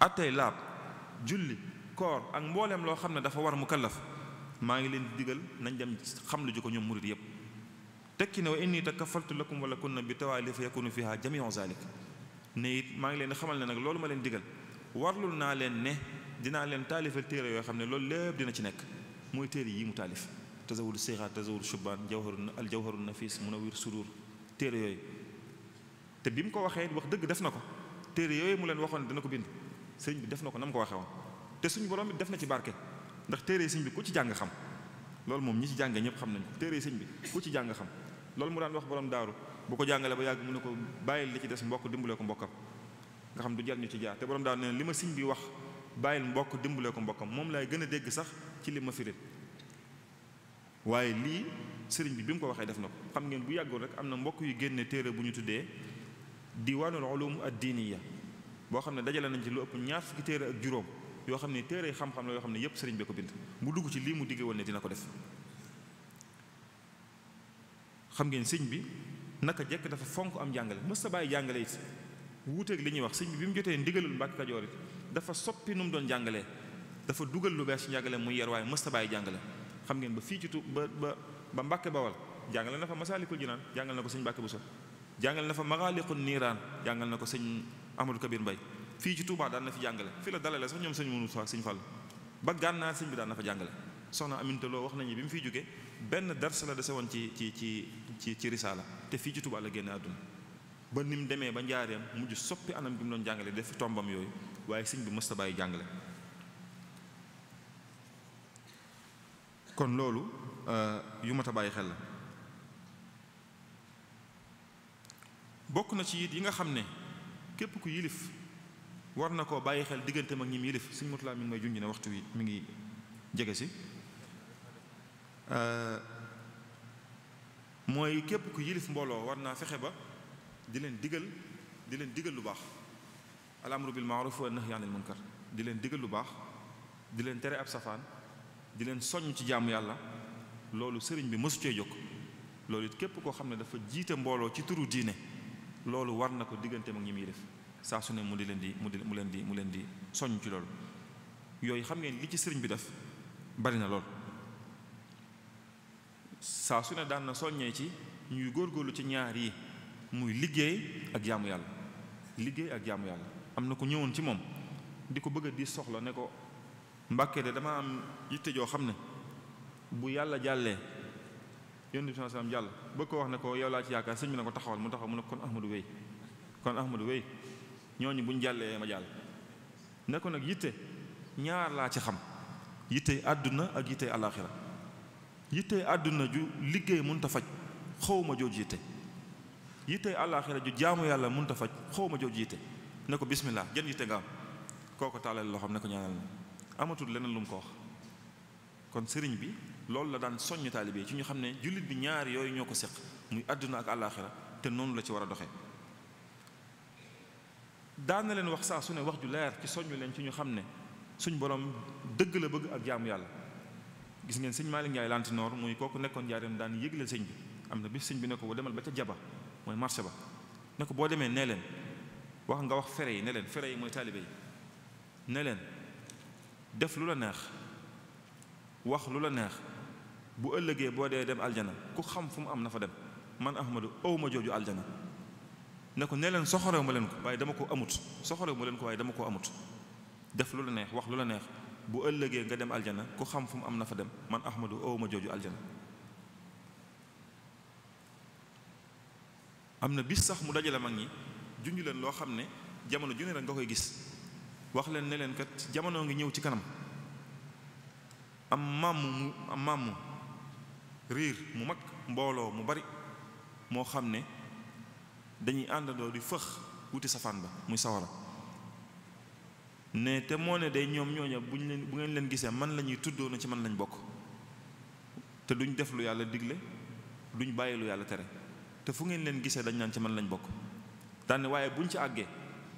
attey laab julli koor ak mbooleem loo xam ne dafa war mu kallaf maa ngi leen di digal nañ dem xam lu ji ko ñoom murit yépp tekki ne wa inni takafaltu lakum wala kunna bi tawaalif yakunu fiha jamion zalik ne it maa ngi leen xamal ne nag loolu ma leen digal warlul naa leen ne dinaa leen taalifal téere yoo xam ne loolu lépp dina ci nekk mooy yi mu taalif tasawul sixaat tasawul shubaan jawharu al jawharu nafis munawir sudur téere yooyu te bi mu ko waxee wax dëgg def na ko téere yooyu mu leen waxoon dana ko bind sëñ bi def na ko na mu ko waxee woon te suñ borom bi def na ci barke ndax téere sëñ bi ku ci jàng xam loolu moom ñi ci jàngee ñëpp xam nañ ko téere sëñ bi ku ci jàng xam loolu mu daan wax borom daaru bu ko jàngale ba yàgg mu ne ko bàyyil li ci des mbokk dimbalee ko mbokkam nga xam du jar ñu ci jaar borom daaru li ma sëñ bi wax bàyyil mbokk dimbalee ko mbokkam moom laay gën a dégg sax ci li ma firil waaye lii sëriñ bi bi mu ko waxee def na ko xam ngeen bu yàggul rek am na mbokk yu génne téere bu ñu tuddee diwaanul ulum ad-diniya boo xam ne dajale nañ ci lu ëpp ñaar fukki téere ak juróom yoo xam ne téere xam-xam la yoo xam ne yëpp sëriñ bi ko bind mu dugg ci lii mu digge woon ne dina ko def xam ngeen sëñ bi naka jekk dafa fonk am jàngale mësta bàyyi jàngale si wuuteeg li ñuy wax sëñ bi bi mu jotee ndigalul Mbàkke Kajoor it dafa soppi nu mu doon jàngalee dafa dugal lu bees ci njàngale muy yer waaye mës bàyyi jàngale xam ngeen ba fii ci tu ba ba ba Mbàkke Bawal jàngale na fa Masaalikul Jinaan jàngal na ko sëñ Mbàkke Buso jàngal na fa Magaaliqun Niiraan jàngal na ko sëñ Ahmadou Kabir Mbay fii ci Touba daan na fi jàngale fi la dalale sax ñoom sëñ mënu fa sëñ Fall ba gànnaar sëñ bi daan na jàngale soxna Aminta Lo wax nañu bi mu fiy jógee benn dars la dese woon ci ci ci ci ci risaala te fii ci Touba la génne àdduna ba ni mu demee ba njaareem mujj soppi anam bi mu doon jàngale def tombam yooyu waaye sëñ bi mës ta bàyyi jàngale kon loolu euh, yu mat bàyyi xel la bokk na ci it yi nga xam ne képp ku yilif war na koo bàyyi xel diggante mag ñi mu yilif suñ motulaa mi ngi may junj ne waxtu wi mi ngi jege si euh, mooy képp ku yilif mbooloo war naa fexe ba di leen digal di leen digal lu baax al amru bil maaruf wa nahyi anil munkar di leen digal lu baax di leen tere ab safaan di leen soññ ci jaamu yàlla loolu sëriñ bi mësu cee jóg loolu it képp koo xam ne dafa jiite mbooloo ci turu diine loolu war na ko diggante mag ñi muy def saa su ne mu di leen di mu di mu leen di mu leen di soññ ci loolu yooyu xam ngeen li ci sëriñ bi def bari na lool saa su ne daan na soññee ci ñuy góor góorlu ci ñaar yi muy liggéey ak jaamu yàlla liggéey ak jaamu yàlla am na ko ñëwoon ci moom di ko bëgg a soxla ne ko mbàkke de dama am yitte joo xam ne bu yàlla jàllee yonent bi sallallahu alayhi jàll bëgg ko wax ne ko yow laa ci yaakaar sëñ bi na ko taxawal mu taxaw mu ne kon ahmadu wéy kon ahmadu wéy ñooñu buñ jàllee ma jàll ne ko nag yitte ñaar laa ci xam yitte àdduna ak yitte alaaxira yitte àdduna ju liggéey mënta faj xawma jooju yitte yitte alaaxira ju jaamu yàlla mënta faj xawma jooju yitte ne ko bismillah jën yitte nga am loo xam ne ko ñaanal na amatul leneen lu mu ko wax kon sëriñ bi loolu la daan soññ taalibe ci ñu xam ne jullit bi ñaar yooyu ñoo ko seq muy àdduna ak àllaaxira te noonu la ci war a doxe daan na leen wax saa su ne wax ju leer ci soññ leen ci ñu xam ne suñ borom dëgg la bëgg ak jaamu yàlla gis ngeen sëñ Malick Ndiaye lantinoor muy kooku nekkoon njaareem daan yëgle sëñ bi am na bi sëñ bi ne ko demal ba ca jaba mooy marché ba ne boo demee nee leen wax nga wax fere yi ne leen fere yi mooy taalibe yi ne leen def lu la neex wax lu la neex bu ëllëgee boo dee dem aljana ku xam fu mu am na fa dem man ahmadu awma jooju aljana ne ko ne leen soxorew ma leen ko waaye dama ko amut soxorew ma leen ko waaye dama ko amut def lu la neex wax lu la neex bu ëllëgee nga dem aljana ku xam fu mu am na dem man ahmadu awma jooju aljana am na bis sax mu dajale mag ñi junj leen loo xam ne jamono ju ne rek nga koy gis wax leen ne leen kat jamono ngi ñëw ci kanam am màmm mu am màmm riir mu mag mbooloo mu bari moo xam ne dañuy àndandoo di fëx wuti safaan ba muy sawara ne te moo ne day ñoom ñooña bu ñu leen bu ngeen leen gisee man la ñuy tuddoo na ci man lañu bokk te duñ def lu yàlla digle duñu bàyyi lu yàlla tere te fu ngeen leen gisee dañ naan ci man lañu bokk daane waaye buñ ci àggee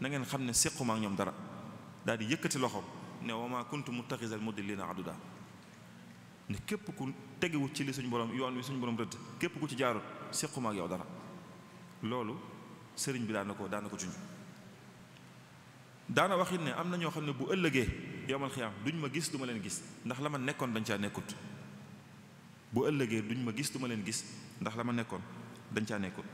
na ngeen xam ne séquma ak ñoom dara daal di yëkkati loxoom ne wa ma kuntu muttaxisal mudillina aduda ne képp ku tegewut ci li suñ borom yoon wi suñ borom rëdd képp ku ci jaarut séquma ak yow dara loolu sëriñ bi daan na ko daan na ko junj daana waxit ne am na ñoo xam ne bu ëllëgee yowmal xiyaam duñ ma gis du ma leen gis ndax la ma nekkoon dañ caa nekkut bu ëllëgee duñ ma gis du ma leen gis ndax la ma nekkoon dañ caa nekkut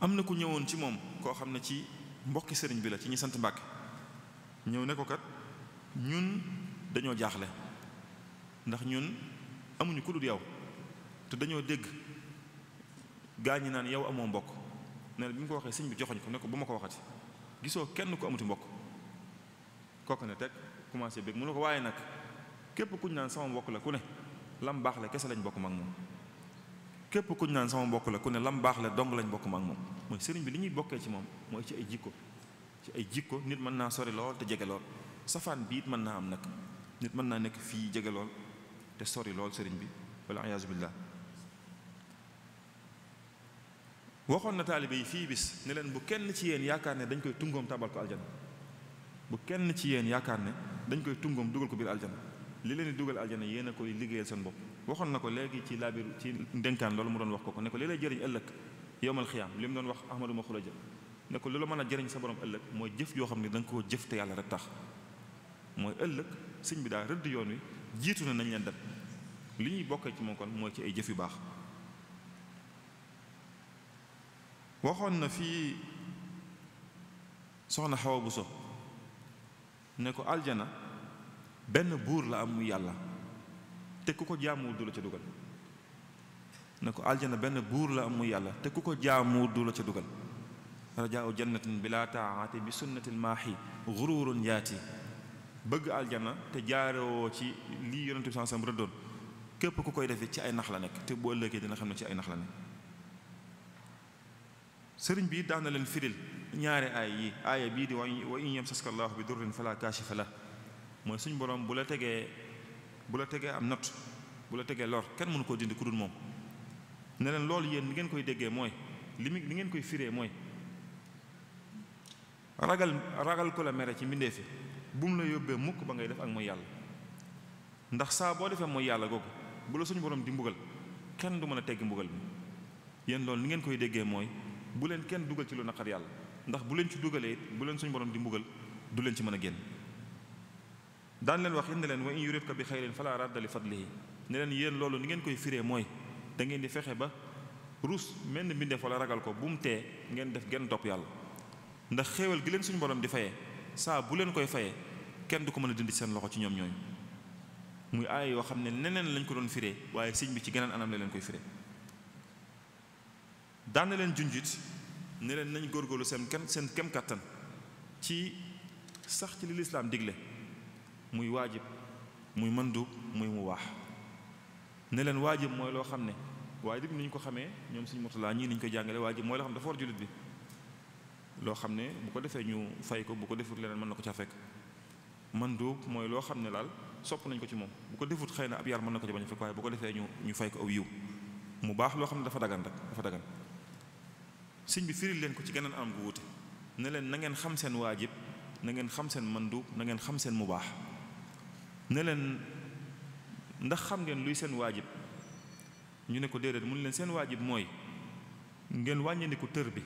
am na ku ñëwoon ci moom koo xam ne ci mbokki sëriñ bi la ci ñi sant Mbàkke ñëw ne ko kat ñun dañoo jaaxle ndax ñun amuñu ku dul yow te dañoo dégg gaañi naan yow amoo mbokk ne bi mu ko waxee sëñ bi joxoñ ko ne ko bu ma ko waxati gisoo kenn ku amuti mbokk kooku ne teg commencé bëgg mu ne ko waaye nag képp kuñ naan sama mbokk la ku ne lam baax la kese lañ bokk mag moom képp ku ñu naan sama mbokk la ku ne lam baax la dong lañ bokk ma ak moom mooy sëriñ bi li ñuy bokkee ci moom mooy ci ay jikko ci ay jikko nit mën naa sori lool te jege lool safaan bi mën naa am nag nit mën naa nekk fii jege lool te sori lool sëriñ bi wala ayaasu billah waxoon na taalibe yi fii bis ne leen bu kenn ci yéen yaakaar ne dañ koy tungoom tabal ko aljana bu kenn ci yéen yaakaar ne dañ koy tungoom dugal ko biir aljana li leen di dugal aljana yéen a koy liggéeyal seen bopp waxoon na ko léegi ci laabir ci ndénkaan loolu mu doon wax ko ko ne ko li lay jëriñ ëllëg yowmal xiyaam li mu doon wax ahmadu ma xulaja ne ko loolu mën a jëriñ sa borom ëllëg mooy jëf yoo xam ne da ko koo jëf te yàlla rek tax mooy ëllëg sëñ bi daa rëdd yoon wi jiitu na nañ leen dem li ñuy bokkee ci moom mooy ci ay jëf yu baax waxoon na fii soxna Xawa Buso ne ko aljana benn buur la am muy yàlla te ku ko jaamuwul du la ca dugal ne ko aljana benn buur la am muy yàlla te ku ko jaamuwul du la ca dugal rajaau jannatin bila taati bi sunnatil maahi gururun yaati bëgg aljana te jaarewoo ci lii yonent bi sansam rëddoon képp ku koy defe ci ay nax la nekk te bu ëllëgee dina xam ne ci ay nax la nekk sëriñ bi daan na leen firil ñaari aay yi aaya bii di wa in yamsaska allahu bi durrin fala kaashifa lah mooy suñ borom bu la tegee bu la tegee am not bu la tegee lor kenn mënu koo dindi ku moom ne leen loolu yéen li ngeen koy déggee mooy li mi ngeen koy firee mooy ragal ragal ku la ci mbindee bu mu la yóbbee mukk ba ngay def ak mooy yàlla ndax saa boo defee mooy yàlla googu bu la suñu borom di mbugal kenn du mën a teggi mbugal bi yéen loolu li ngeen koy déggee mooy bu leen kenn dugal ci lu naqar yàlla ndax bu leen ci dugalee bu leen suñ borom di mbugal du leen ci mën a génn daan leen wax yéen ne leen wa in yuridka bi xayrin fala radda li fadlihi ne leen yéen loolu ni ngeen koy firee mooy da ngeen di fexe ba ruus mel ni mbindeef wala ragal ko bu mu tee ngeen def genn topp yàlla ndax xéewal gi leen suñu borom di fayee saa bu leen koy fayee kenn du ko mën a dindi seen loxo ci ñoom ñooñu muy aay yoo xam ne neneen lañ ko doon firee waaye sëñ bi ci geneen anam la leen koy firee daana leen junjit neleen leen góor góorgóorlu seen kem seen kem kàttan ci sax ci li lislaam muy waajib muy mandub muy mu waax ne leen waajib mooy loo xam ne waajib ni ñu ko xamee ñoom suñu laa ñii ni ñu koy jàngale waajib mooy loo xam ne dafa war jullit bi loo xam ne bu ko defee ñu fay ko bu ko defut leneen mën na ko ca fekk mandub mooy loo xam ne laal sopp nañ ko ci moom bu ko defut xëy na ab yar mën na ko ci bañ a fekk waaye bu ko defee ñu ñu fay ko aw yiw mu baax loo xam ne dafa dagan rek dafa dagan sëñ bi firil leen ko ci geneen am bu wuute ne leen na ngeen xam seen waajib na ngeen xam seen mandub na ngeen xam seen mu baax ne leen ndax xam ngeen luy seen waajib ñu ne ko déedéet mu ne leen seen waajib mooy ngeen wàññandiku tër bi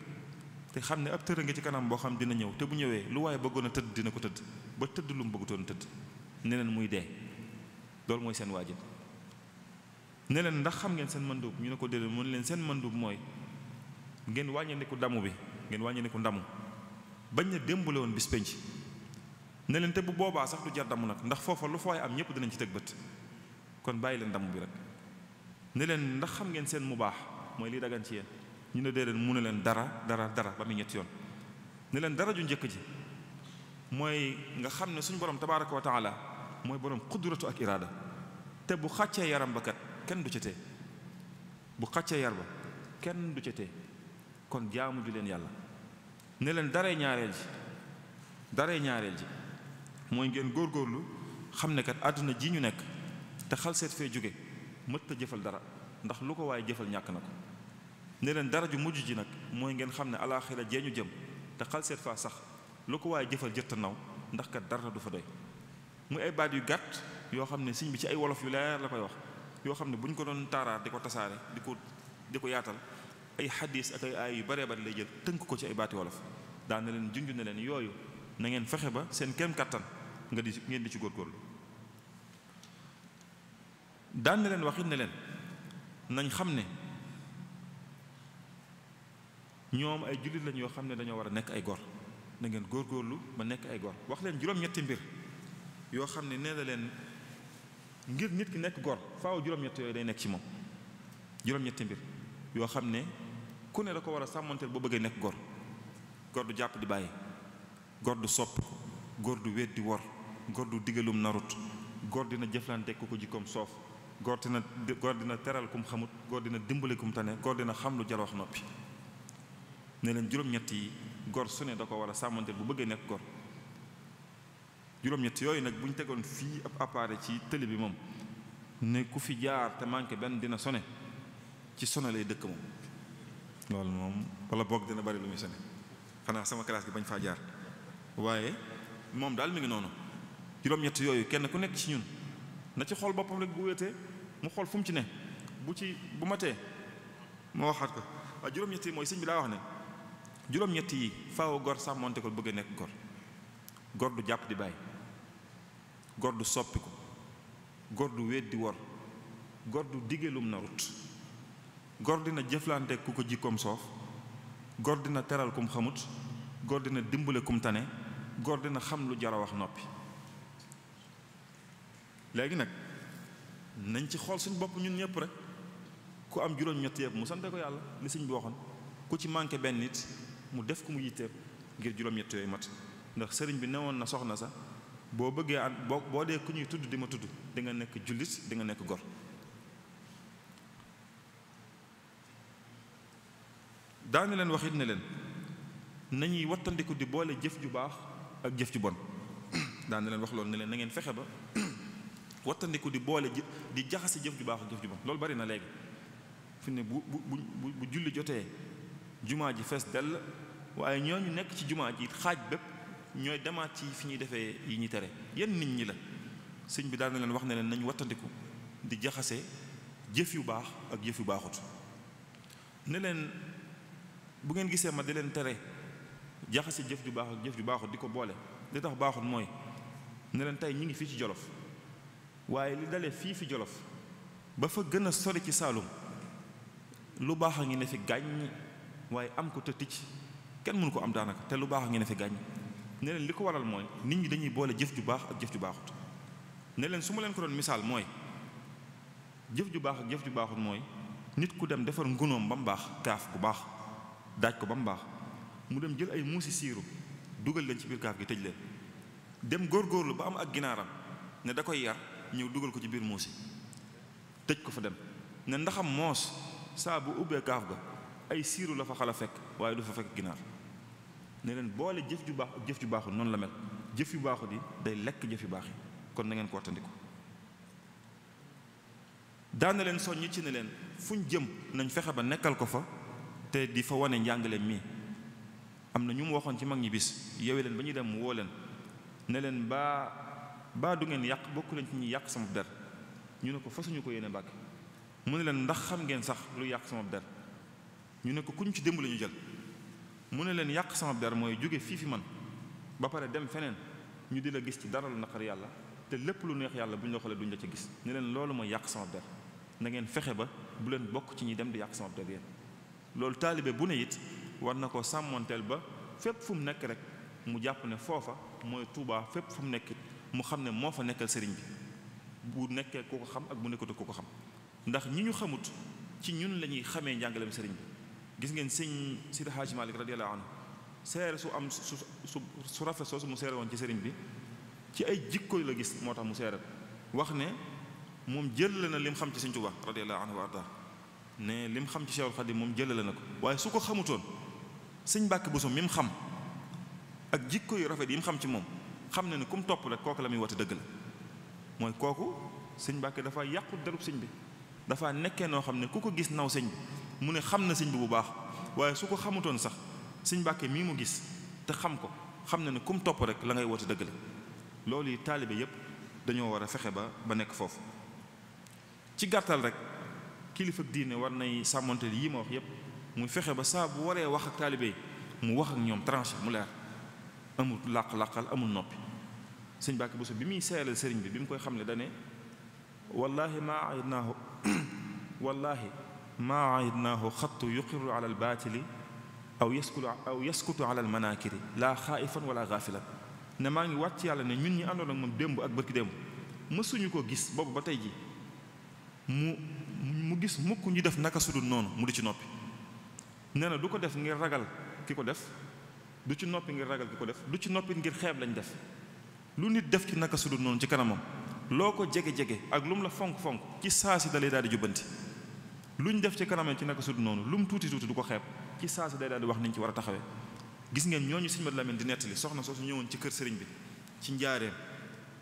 te xam ne ab tër a ngi ci kanam boo xam dina ñëw te bu ñëwee lu waaye bëggoon a tëdd dina ko tëdd ba tëdd lu mu bëggutoon tëdd ne muy dee loolu mooy seen waajib ne leen ndax xam ngeen seen mandub ñu ne ko déedéet mu ne leen seen mandub mooy ngeen wàññandiku damu bi ngeen wàññandiku ndamu bañ na démb la woon bis ne leen te bu boobaa sax du jar damm nag ndax foofa lu fooy am ñëpp dinañ ci teg bët kon bàyyi leen damm bi rek ne leen ndax xam ngeen seen mu baax mooy liy dagan ci yéen ñu ne dee leen mu ne leen dara dara dara ba muy ñetti yoon ne leen dara ju njëkk ji mooy nga xam ne suñu borom tabaaraka wa taala mooy borom qudratu ak iraada te bu xàccee yaram ba kenn du ca te bu xàccee yar ba kenn du ca tee kon jaamu ju leen yàlla ne leen daree ñaareel ji daree ñaareel ji mooy ngeen góor góorlu xam ne kat àdduna ji ñu nekk te xalseet fee jóge mët a jëfal dara ndax lu ko waaye jëfal ñàkk na ko ne leen dara ju mujj ji nag mooy ngeen xam ne alaaxira jee ñu jëm te xalseet faa sax lu ko waaye jëfal jëtt naw ndax kat dara du fa doy muy ay baat yu gàtt yoo xam ne siñ bi ci ay wolof yu leer la koy wax yoo xam ne bu ñu ko doon taaraar di ko tasaare di ko di ko yaatal ay xadis ak ay aay yu baree bari lay jël tënk ko ci ay baati wolof daan leen junj ne leen yooyu na ngeen fexe ba seen kem kattan nga di ngeen di ci góorgóorlu daan na leen waxit ne leen nañ xam ne ñoom ay jullit lañ yoo xam ne dañoo war a nekk ay gor na ngeen góor góorlu ba nekk ay gor wax leen juróom-ñetti mbir yoo xam ne nee na leen ngir nit ki nekk gor faaw juróom-ñett yooyu day nekk ci moom juróom-ñetti mbir yoo xam ne ku ne da ko war a sàmmanteel boo bëggee nekk gor gor du jàpp di bàyyi gor du sopp gor du wéet di wor góor du digalum narut góor dina jëflante ku ko jikkoom soof góor dina góor dina teral kum xamut góor dina dimbale kum tane góor dina xam lu jar wax noppi ne leen juróom-ñett yi góor su da ko war a sàmmante bu bëggee nekk góor juróom-ñett yooyu nag bu ñu tegoon fii ab appareil ci télé bi moom ne ku fi jaar te manqué benn dina sone ci sone lay dëkk moom loolu moom wala boog dina bari lu muy sone xanaa sama classe gi bañ faa jaar waaye moom daal mi ngi noonu juróom-ñett yooyu kenn ku nekk ci ñun na ci xool boppam rek bu wéetee mu xool fu mu ci ne bu ci bu matee ma waxaat ko waaye juróom-ñett yi mooy sëñ bi daa wax ne gor sàmmoonte ko bëgg a nekk gor gor du jàpp di bàyyi gor du soppiku ko gor du wéet di wor gor du digelum narut gor dina jëflante ko jikkoom soof gor dina teral kum xamut gor dina dimbale kum tane gor dina xam lu jar a wax noppi léegi nag nañ ci xool suñ bopp ñun ñëpp rek ku am juróom-ñett yëpp mu sante ko yàlla li sëñ bi waxoon ku ci manqué benn nit mu def ko mu ngir juróom-ñett yooyu ndax sëriñ bi woon na soxna sa boo bëggee an boo boo dee ku ñuy tudd di ma tudd di nga nekk jullit di nga nekk gor daana leen waxit ne leen nañuy wattandiku di boole jëf ju baax ak jëf ju bon daana leen wax loolu ne leen na ngeen fexe ba wattandiku di boole ji di jaxase jëf ju baax ak jëf ju loolu bari na léegi fi ne bu bu bu julli jotee jumaa ji fees dell waaye ñooñu nekk ci jumaa ji xaaj bépp ñooy demaat ci fi ñuy defee yi ñuy tere yenn nit ñi la sëñ bi daan na leen wax ne leen nañ wattandiku di jaxase jëf yu baax ak jëf yu baaxut ne leen bu ngeen gisee ma di leen tere jaxase jëf ju baax ak jëf ju baaxut di ko boole li tax baaxut mooy ne leen tey ñi ngi fii ci Jolof waaye li dale fii fi jolof ba fa gën a sori ci saalum lu baax a ngi ne fi gàññ waaye am ko te ticc kenn mënu ko am daanaka te lu baax a ngi ne fi gàññ ne leen li ko waral mooy nit ñi dañuy boole jëf ju baax ak jëf ju baaxut ne leen su ma leen ko doon misaal mooy jëf ju baax ak jëf ju baaxut mooy nit ku dem defar ngunoom ba mu baax kaaf bu baax daaj ko ba mu baax mu dem jël ay muusi siiru dugal leen ci biir kaaf gi tëj leen dem góorgóorlu ba am ak ginaaram ne da koy yar ñëw dugal ko ci biir muusi tëj ko fa dem ne ndaxam moos saa bu ubbee kaaf ga ay siiru la fa a fekk waaye du fa fekk ginaar ne leen boole jëf ju baax ak jëf ju baaxul noonu la mel jëf yu baaxul di day lekk jëf yu baax yi kon na ngeen ko wattandiku daana leen soññi ci ne leen fu ñu jëm nañ fexe ba nekkal ko fa te di fa wane njàngale mii am na ñu mu waxoon ci mag ñi bis yewe leen ba ñuy dem woo leen ne leen baa baa du ngeen yàq bokk leen ci ñuy yàq sama der ñu ne ko fasuñu ko yéene Mbàkke mu ne leen ndax xam ngeen sax lu yàq sama der ñu ne ko kuñ ci démb la ñu jël mu ne leen yàq sama der mooy jóge fii fi man ba pare dem feneen ñu di la gis ci dara lu naqar yàlla te lépp lu neex yàlla bu ñu la xoolee duñ la ca gis ne leen loolu mooy yàq sama der na ngeen fexe ba bu leen bokk ci ñuy dem di yàq sama der yéen loolu taalibe bu ne it war na ko sàmmoonteel ba fépp fu mu rek mu jàpp ne foofa mooy Tuubaa fépp fu mu nekk mu xam ne moo fa nekkal sëriñ bi bu nekkee ku ko xam ak bu nekkatu ku ko xam ndax ñi ñu xamut ci ñun la ñuy xamee njàngaleem sëriñ bi gis ngeen sëñ Sidi Hadj Malick radiyallahu anhu seere su am su su su rafet soosu mu seere woon ci sëriñ bi ci ay jikko la gis moo tax mu seere wax ne moom jël na lim xam ci sëñ Tuubaa radiyallahu anhu wa arda ne lim xam ci Cheikhul Khadim moom jël la na ko waaye su ko xamutoon sëñ Mbàkke Buso mi mu xam ak jikko yu rafet yi mu xam ci moom xam na ne ku topp rek kooku la muy woote dëgg la mooy kooku sëñ Mbàkke dafa yàqu derub sëñ bi dafa nekkee noo xam ne ku ko gis naw sëñ mu ne xam na sëñ bi bu baax waaye su ko xamutoon sax sëñ Mbàkke mii mu gis te xam ko xam na ne ku mu topp rek la ngay woote dëgg la loolu yi taalibe yépp dañoo war a fexe ba ba nekk foofu ci gàttal rek kilifa diine war nay sàmmonteel yi ma wax yépp muy fexe ba saa bu waree wax taalibe mu wax ak ñoom tranché mu leer amul làq-làqal amul noppi sëñ Bàkke Buso bi muy seelal sëriñ bi bi mu koy xam ne dane wallaahi maa ahidnaahu wallaahi maa ahidnaahu xattu yuqiru ala al baatili aw yaskulu aw yaskutu ala al manaakiri laa xaaifan wala gaafilan ne maa ngi wàcc yàlla ne ñun ñi àndoon ak moom démb ak bërki démb mësuñu ko gis boobu ba tey ji mu mu gis mukk ñu def naka sudul noonu mu di ci noppi nee na du ko def ngir ragal ki ko def du ci noppi ngir ragal ki ko def du ci noppi ngir xeeb lañu def lu nit def ci naka sudul noonu ci kanamam loo ko jege-jege ak lu mu la fonk-fonk ci saa si da lay di jubbanti lu ñu def ci kanamam ci naka sudul noonu lu mu tuuti tuuti du ko xeeb ci saa si day daal di wax niñ ci war a taxawee gis ngeen ñooñu Sëñ Madu Lamin di nettali soxna soosu ñëwoon ci kër sëriñ bi ci njaareem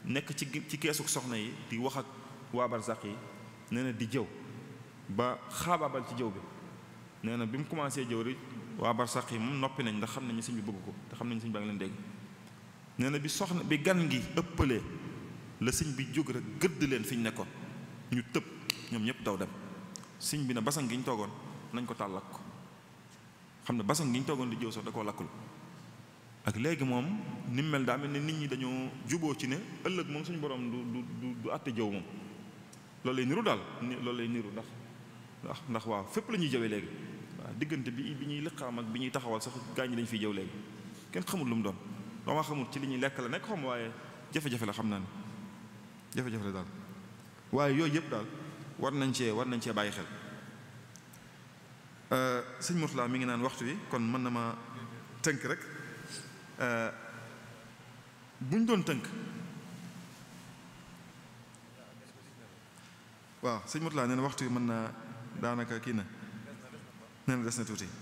nekk ci ci keesuk soxna yi di wax ak waa sax yi nee na di jëw ba xaabaabal ci jëw bi nee na bi mu commencé jëw rek waa barsaq yi moom noppi nañ ndax xam nañu sëñ bi bëgg ko te xam nañu sëñ baa ngi leen dégg nee na bi soxna bi gan gi ëppalee la sëñ bi jóg rek gëdd leen fi ñu nekkoon ñu tëb ñoom ñëpp daw dem sëñ bi na basan gi ñu toogoon nañ ko taal ko xam ne basan gi ñu toogoon di jëw sax da koo lakkul ak léegi moom ni mu mel daa mel ne nit ñi dañoo juboo ci ne ëllëg moom suñu boroom du du du àtte jëw moom loolu lay niru daal loolu lay niru ndax ndax ndax waaw fépp la ñuy jëwee léegi waaw diggante bi bi ñuy liqaam ak bi ñuy taxawal sax gaañ ñi dañu fiy jëw léegi kenn xamul lu mu doon ba ma xamul ci li ñuy lekk la nekk xam waaye jafe-jafe la xam naa ne jafe-jafe la daal waaye yooyu yëpp daal war nañ cee war nañ cee bàyyi xel euh, sëñ Mourtala mi ngi naan waxtu wi kon mën na ma tënk rek euh, buñ doon tënk waaw sëñ Mourtala laa neen waxtu yi mën na daanaka kii na nee na des na tuuti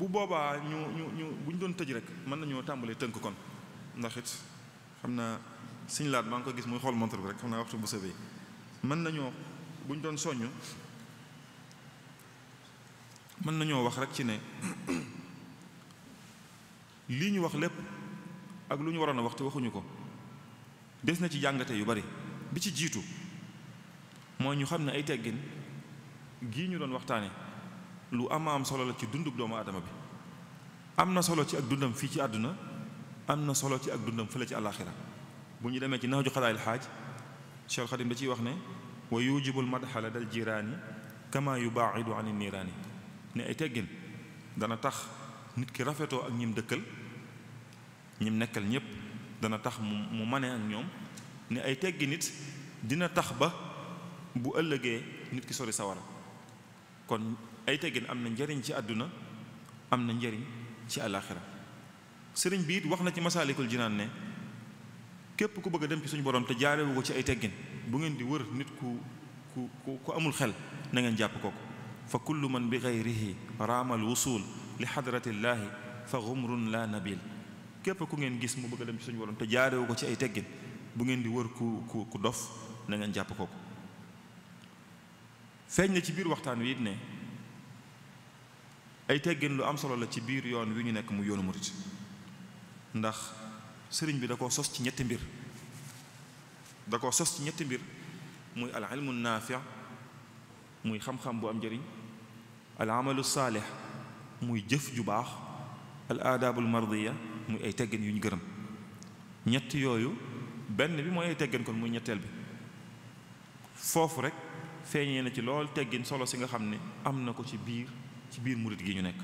bu boobaa ñu ñu ñu bu ñu doon tëj rek mën nañoo tàmbalee tënk kon ndaxit xam na suñu laat maa ngi ko gis muy xool montre bi rek xam naa waxtu bu sëbee mën nañoo bu ñu doon soññ mën nañoo wax rek ci ne lii ñu wax lépp ak lu ñu waroon a wax te waxuñu ko des na ci jàngate yu bari bi ci jiitu mooy ñu xam ne ay teggin gii ñu doon waxtaane lu am am solo la ci dundub doomu adama bi am na solo ci ak dundam fii ci àdduna am na solo ci ak dundam fële ci àllaaxira bu ñu demee ci naxju xadaayil xaaj Cheikh Xadim da ciy wax ne wa yujibul madxala dal jiraani kama yubaaxidu ani niiraani ne ay teggin dana tax nit ki rafetoo ak ñim dëkkal ñim nekkal ñépp dana tax mu mu mane ak ñoom ne ay teggi nit dina tax ba bu ëllëgee nit ki sori sawara kon ay teggin am na njariñ ci àdduna am na njariñ ci àllaaxira sëriñ bi it wax na ci masaalikul jinaan ne képp ku bëgg a dem ci suñu borom te jaarewu ko ci ay teggin bu ngeen di wër nit ku ku ku amul xel na ngeen jàpp ko fa kullu man bi gayrihi raamal wusul li xadratillaahi fa xumrun la nabil képp ku ngeen gis mu bëgg a dem te jaarewu ko ci ay teggin bu ngeen di wër ku ku ku dof na ngeen jàpp kooku feeñ na ci biir waxtaan wi it ne ay teggin lu am solo la ci biir yoon wi ñu nekk mu yoonu murit ndax sëriñ bi da koo sos ci ñetti mbir da ko sos ci ñetti mbir muy al ilmu naafi muy xam bu am njëriñ al amalu saalih muy jëf ju baax al aadaabul mardiya muy ay teggin yu ñu gërëm ñett yooyu benn bi mooy ay teggin kon muy ñetteel bi foofu rek feeñee na ci lool teggin solo si nga xam ni am na ko ci biir ci biir murit gi ñu nekk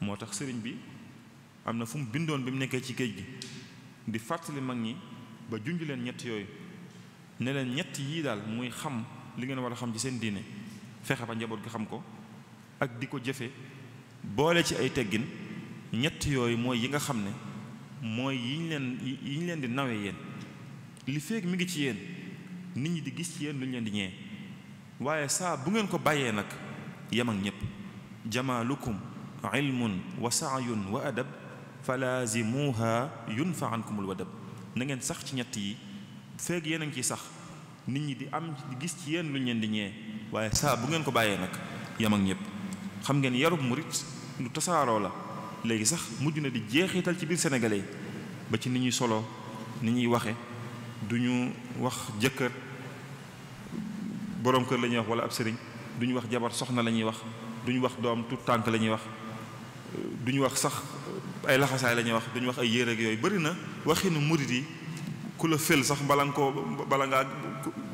moo tax sëriñ bi am na fu mu bindoon bi mu nekkee ci géej gi di fàttali mag ñi ba junj leen ñett yooyu ne leen ñett yii daal muy xam li ngeen war a xam ci seen diine fexe ba njaboot gi xam ko ak di ko jëfe boole ci ay teggin ñett yooyu mooy yi nga xam ne mooy yiñ leen yi ñu leen di nawee yéen li feek mi ngi ci yéen nit ñi di gis ci yéen lu ñu leen di ñee waaye saa bu ngeen ko bàyyee nag yem ak ñépp jamaalukum ilmun wa saayun wa adab falaazimuha yunfa ankumul wadab na ngeen sax ci ñett yi feeg yéen a ngi ciy sax nit ñi di am di gis ci yéen lu ñu leen di ñee waaye saa bu ngeen ko bàyyee nag yem ak ñépp xam ngeen yarub murit lu tasaaroo la léegi sax mujj na di jeexital ci biir sénégalais ba ci ni ñuy solo ni ñuy waxe du ñu wax jëkkër boroom kër lañuy ñuy wax wala ab sëriñ duñu wax jabar soxna la ñuy wax duñu wax doom tut tànk la ñuy wax duñu wax sax ay laxasaay la ñuy wax duñu wax ay yére ak yooyu bëri na waxinu murit yi ku la fël sax bala nga koo bala ngaa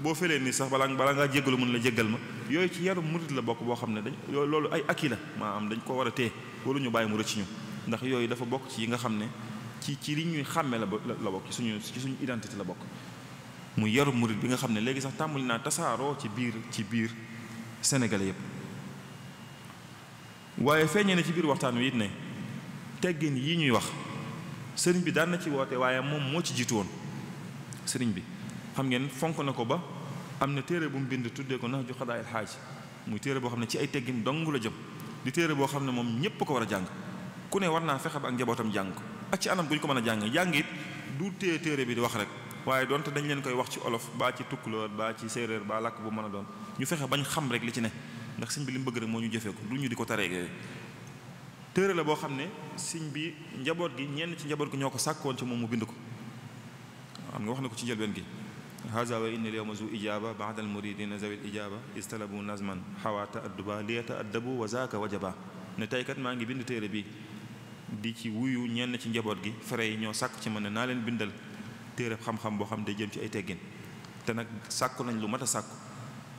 boo felee nii sax bala bala ngaa jéggalu mun la jéggal ma yooyu ci yarum murit la bokk boo xam ne dañ loolu ay akila la am dañ ko war a tee wala ñu bàyyi mu rëcc ñu ndax yooyu dafa bokk ci yi nga xam ne ci ci li ñuy xàmme la la bokk ci suñu ci la bokk mu yarum murit bi nga xam ne léegi sax tàmbali naa tasaaroo ci biir ci biir sénégalais yépp waaye feeñee ne ci biir waxtaan wi it ne teggin yi ñuy wax sëriñ bi daan na ci woote waaye moom moo ci jiitu woon sëriñ bi xam ngeen fonk na ko ba am na téere bu mu bind tuddee ko nax ju xadaa il xaaj muy téere boo xam ne ci ay teggin dong la jëm di téere boo xam ne moom ñépp ko war a jàng ku ne war naa fexe ba ak njabootam jàng ko ak ci anam gu ñu ko mën a jàng jàng it du téere bi di wax rek waaye donte dañ leen koy wax ci olof baa ci tukkuloor baa ci séeréer baa làkk bu mën a doon ñu fexe bañ xam rek li ci ne ndax sëñ bi li mu bëgg rek moo ñu jëfee ko lu ñu di ko taree téere la boo xam ne siñ bi njaboot gi ñenn ci njaboot gi ñoo ko sàkkoon ci moom mu bind ko wax na ko ci njëlbeen gi haza wa inna lyawma zu ijaba baadal muridina zawil ijaba istalabu nazman xawa taadduba liya taaddabu wa zaaka wajaba ne tey maa ngi bind téere bi di ci wuyu ñenn ci njaboot gi fere yi ñoo sàkk ci mën ne naa leen bindal téere xam-xam boo xam day jëm ci ay teggin te nag sàkku nañ lu mat a sàkku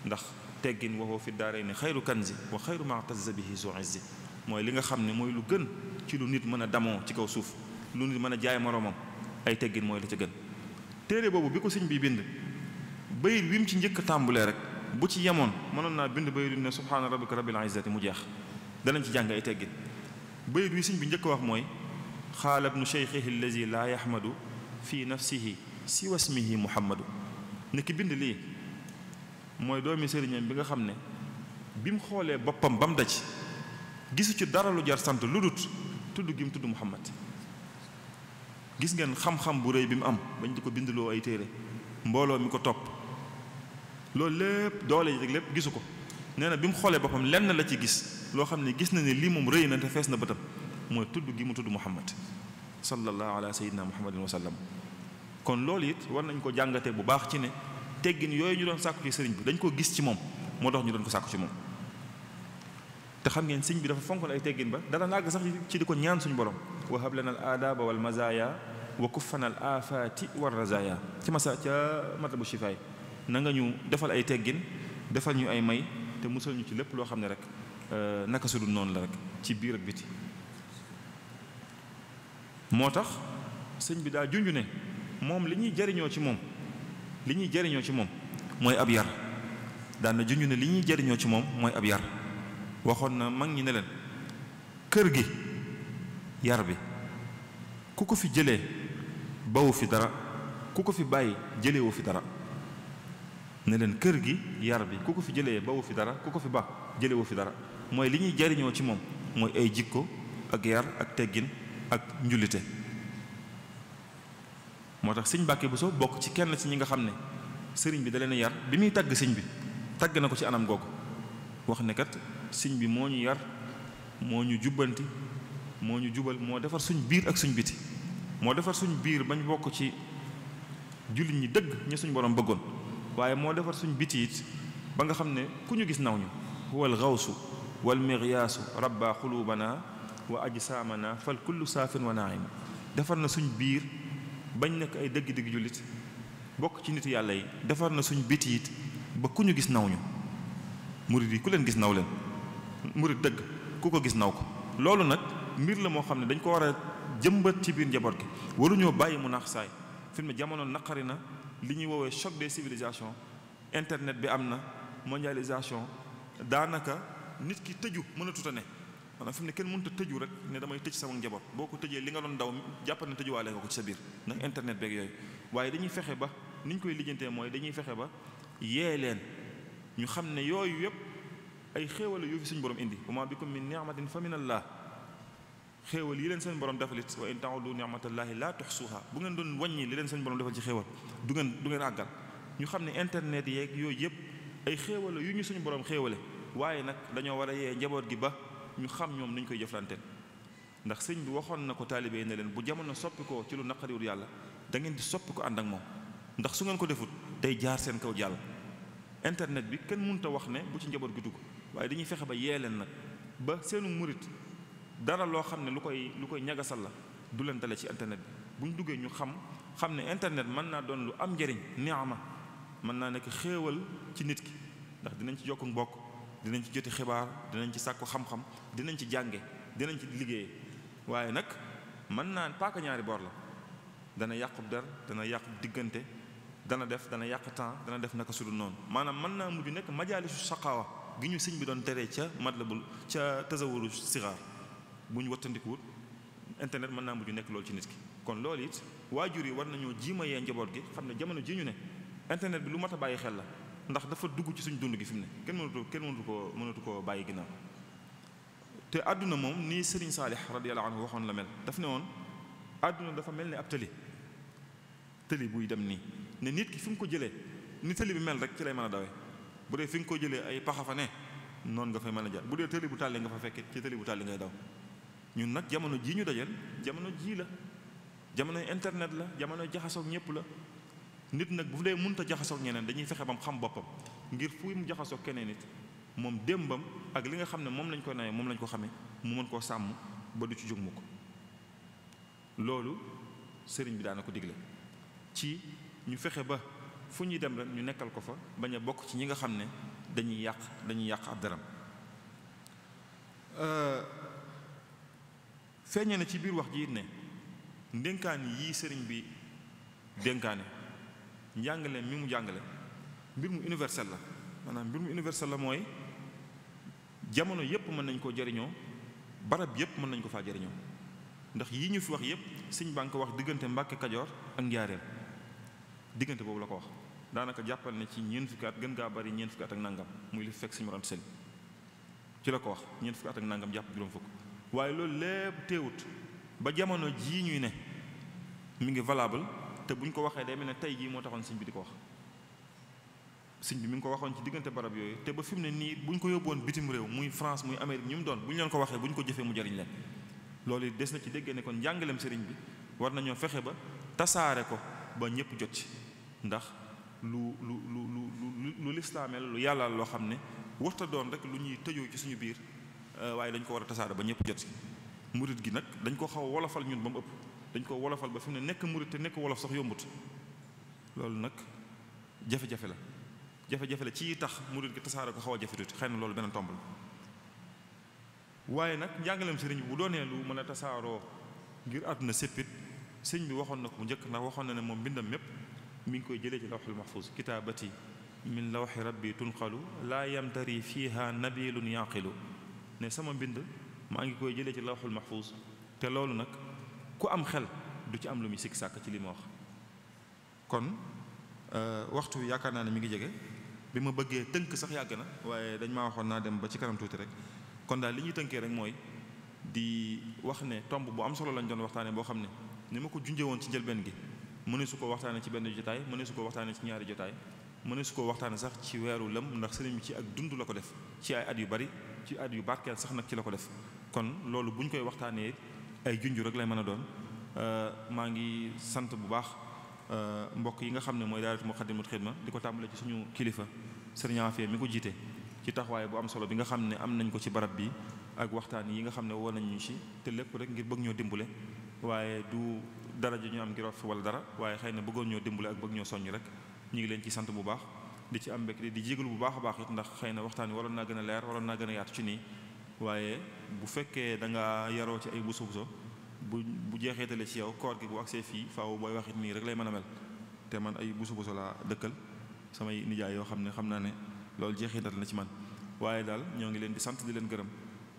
ndax teggin waxoo fi daaray ni xayru kanzi wa xayru maataza bihi zu izzi mooy li nga xam ne mooy lu gën ci lu nit mën a damoo ci kaw suuf lu nit mën a jaay moroomam ay teggin mooy la ca gën téere boobu bi ko sëñ bi bind bayit wi mu ci njëkk tàmbulee rek bu ci yemoon mënoon naa bind bayit ne subhaana rabbika rabbil izzati mu jeex danañ ci jàng ay teggin bayit wi sëñ bi njëkk wax mooy xaalab nu cheikhihi allazi laa yahmadu fi nafsihi si wasmihi muhammadu ne ki bind lii mooy doomi sëriñam bi nga xam ne bi mu xoolee boppam ba mu daj gisu ci dara lu jar sant lu dut tudd gi mu tudd muhammad gis ngeen xam-xam bu rëy bi mu am bañ di ko bindloo ay téere mbooloo mi ko topp loolu lépp doole yi lépp gisu ko nee na bi mu xoolee boppam lenn la ci gis loo xam ne gis na ne lii moom rëy na te fees na bëtam mooy tudd gi mu tudd muhammad sallallahu ala sayyidina muhammadin wa sallam kon loolu it war nañ ko jàngate bu baax ci ne teggin yooyu ñu doon sàkku ci sëriñ bi dañ koo gis ci moom moo tax ñu doon ko sàkku ci moom te xam ngeen sëñ bi dafa fonk fonkoon ay teggin ba dara nagg sax ci di ko ñaan suñu borom wa hab lana al aadaba wal mazaya wa kuffana al aafati war razaya ci masa ca matlabu shifaay na nga ñu defal ay teggin defal ñu ay may te musal ñu ci lépp loo xam ne rek euh, naka su noonu la rek ci biir biti moo tax sëñ bi daa junj ne moom li ñuy jariñoo ci moom li ñuy jariñoo ci moom mooy ab yar daana junju ne li ñuy jariñoo ci moom mooy ab yar waxoon na mag ñi ne leen kër gi yar bi ku ko fi jëlee bawu fi dara ku ko fi bàyyi jëlewu fi dara ne leen kër gi yar bi ku ko fi jëlee bawu fi dara ku ko fi ba jëlewu fi dara mooy li ñuy jariñoo ci moom mooy ay jikko ak yar ak teggin ak njullite moo tax sëñ bu so bokk ci kenn ci ñi nga xam ne sëriñ bi dalee leen yar bi muy tàgg sëñ bi tàgg na ko ci anam googu wax ne kat sëñ bi moo ñu yar moo ñu jubbanti moo ñu jubal moo defar suñ biir ak suñ biti moo defar suñ biir ba bañ bokk ci jullit ñi dëgg ñi suñ borom bëggoon waaye moo defar suñ biti ba nga xam ne ku ñu gis naw ñu wal xawsu wal miryaasu rabba xulubana waa wa ajsaamana fal kullu saafin wa naim defar na suñ biir bañ nekk ay dëgg-dëgg jullit bokk ci nitu yàlla yi defar na suñ biti it ba ku ñu gis naw ñu murid yi ku leen gis naw leen murid dëgg ku ko gis naw ko loolu nag mbir la moo xam ne dañ ko war a jëmbat ci biir njaboot gi waruñoo bàyyi mu naax saay fi mu jamono naqari na li ñuy woowee choc des civilisations internet bi am na mondialisation daanaka nit ki tëju mën a tuta ne maanaam fi ne kenn mënta a tëju rek ne damay tëj sama njaboot boo ko tëjee li nga doon daw jàppal ne tëjuwaale nga ko ci sa biir ndax internet beeg yooyu waaye dañuy fexe ba ni ñu koy lijjantee mooy dañuy fexe ba yee leen ñu xam ne yooyu yëpp ay xéewal yu fi borom indi wa ma bikum min ni'matin fa min allah xéewal yi leen seen borom defal it wa in ta'udu ni'matallahi la tuhsuha bu ngeen doon wàññi li leen seen borom defal ci xéewal ngeen du ngeen àggal ñu xam ne internet yeeg yooyu yëpp ay xéewal yu ñu suñu borom xéewale waaye nag dañoo war a yee njaboot gi ba ñu xam ñoom nuñ koy jëflanteen ndax sëñ bi waxoon na ko taalibe ne leen bu jamono soppi ko ci lu naqariwul yàlla da ngeen di soppi ko ànd ak moom ndax su ngeen ko defut day jaar seen kaw jàll internet bi kenn mënut a wax ne bu ci njaboot gi dugg waaye dañuy fexe ba yee leen nag ba seenu murit dara loo xam ne lu koy lu koy ñagasal la du leen dale ci internet bi bu ñu duggee ñu xam xam ne internet mën naa doon lu am njëriñ ma mën naa nekk xéewal ci nit ki ndax dinañ ci jokk mbokk dinañ ci joti xibaar dinañ ci sàkku xam-xam dinañ ci jànge dinañ ci liggéeye waaye nag mën naa paaka ñaari bor la dana yàqu der dana yàqub diggante dana def dana yàq temps dana def naka sudul noonu maanaam mën naa mujj nekk majaalisu saqaawa gi ñu siñ bi doon teree ca mat la matlabul ca tasawuru sigaar bu ñu wattandikuwut internet mën naa mujj nekk loolu ci nit ki kon loolu it waajur yi war nañoo jiima yee njaboot gi xam ne jamono ji ñu ne internet bi lu mat a bàyyi xel la ndax dafa dugg ci suñu dund gi fi ne kenn mënatu kenn mënatu koo mënatu koo bàyyi ginnaaw te àdduna moom nii Serigne Saalix xam ne waxoon la mel daf ne woon àdduna dafa mel ni ab tëli tëli buy dem nii ne nit ki fi mu ko jëlee ni tëli bi mel rek ci lay mën a dawee bu dee fi nga ko jëlee ay paxa ne noonu nga fay mën a jaar bu dee tëli bu tàlli nga fa fekkee ci tëli bu tàlli ngay daw ñun nag jamono jii ñu dajal jamono ji la jamono internet la jamono jaxasoog ñëpp la nit nag bu dee mënut a jaxasoog ñeneen dañuy fexe bam xam boppam ngir fu mu jaxasoog keneen nit moom démbam ak li nga xam ne moom lañ ko nawee moom lañ ko xamee mu mën koo sàmm ba du ci jóg mu ko loolu sëriñ bi daana ko digle ci ñu fexe ba fu ñuy dem rek ñu nekkal ko fa bañ a bokk ci ñi nga xam ne dañuy yàq dañuy yàq ab daram feeñe na ci biir wax ji ne ndénkaan yii sëriñ bi dénkaane njàngale mi mu jàngale mbir mu universel la maanaam mbir mu universel la mooy jamono yépp mën nañ koo jariñoo barab yépp mën nañ ko faa jariñoo ndax yi ñu fi wax yépp sëñ baa ngi ko wax diggante Mbàkke Kajoor ak Njaaréem diggante boobu la ko wax daanaka jàppal ne ci ñeent fukki gën gaa bari ñeent fukki at ak nangam muy li fekk sëñ Mor Anta Sali ci la ko wax ñeent fukki at ak nangam jàpp juróom fukk waaye loolu lépp teewut ba jamono ji ñuy ne mu ngi valable te buñ ko waxee day mel ne tey jii moo taxoon sëñ bi di ko wax sëñ bi mi ngi ko waxoon ci diggante barab yooyu te ba fi mu ne nii buñ ko yóbboon bitim réew muy France muy Amérique ñu mu doon buñ leen ko waxee buñ ko jëfee mu leen loolu des na ci déggee ne kon njàngaleem sëriñ bi war nañoo fexe ba tasaare ko ba ñëpp jot ci ndax lu lu lu la lu yàlla loo xam ne warta doon rek lu ñuy tëjoo ci suñu biir waaye dañ ko war a tasaare ba ñëpp jot ci murit gi nag dañ ko xaw wolofal ñun ba ëpp dañ ko wolofal ba fi ne nekk murit te nekk wolof sax yombut loolu nag jafe-jafe la jafe-jafe la ci tax murit gi tasaare ko xaw a jafe xëy na loolu beneen tomb la waaye nag njàngaleem sëriñ bi bu doonee lu mën a tasaaroo ngir àdduna séppit sëñ bi waxoon na ko bu njëkk ndax waxoon na ne moom mbindam mépp mi ngi koy jëlee ci lawxul mahfuz kitaabati min lawxi rabbi tunqalu laa yamtari fiha nabilun yaqilu ne sama mbind maa ngi koy jëlee ci lawxul mahfuz te loolu nag ku am xel du ci am lu muy sikk sàkk ci li ma wax kon euh, waxtu bi yaakaar naa ne mu ngi jege bi ma bëggee tënk sax yàgg na waaye dañ ma waxoon naa dem ba ci kanam tuuti rek kon daal li ñuy tënkee rek mooy di wax ne tomb boo am solo lañ doon waxtaanee boo xam ne ni ma ko junjee woon ci njëlbeen gi mëne su ko waxtaanee ci benn jotaay mëne su ko waxtaanee ci ñaari jotaay mëne su ko waxtaanee sax ci weeru lëm ndax sëriñ bi ci ak dund la ko def ci ay at yu bari ci at yu barkeel sax nag ci la ko def kon koy waxtaanee ay junj rek lay mën a doon euh, maa ngi sant bu baax euh, mbokk yi nga xam ne mooy daayiratu Muqaddamatul Xidma di ko tàmbale ci suñu kilifa sëriñ Afia mi ko jiite ci taxawaay bu am solo bi nga xam ne am nañ ko ci barab bi ak waxtaan yi nga xam ne woo nañ ñu ci te lépp rek ngir bëgg ñoo dimbale waaye du dara ji ñu am ngir wala dara waaye xëy na bëggoon ñoo dimbale ak bëgg ñoo soññ rek ñu ngi leen ci sant bu baax di ci am mbégte di jégalu bu baax a ndax xëy na waxtaan wi waroon naa leer waroon naa gën a yaatu ci waaye bu fekkee da yaroo ci ay buso buso bu bu jeexeetale ci yow koor gi bu agsee fii faaw booy waxit nii rek lay mën a mel te man ay buso buso laa dëkkal samay nijaay yoo xam ne xam naa ne loolu jeexital la ci man waaye daal ñoo ngi leen di sant di leen gërëm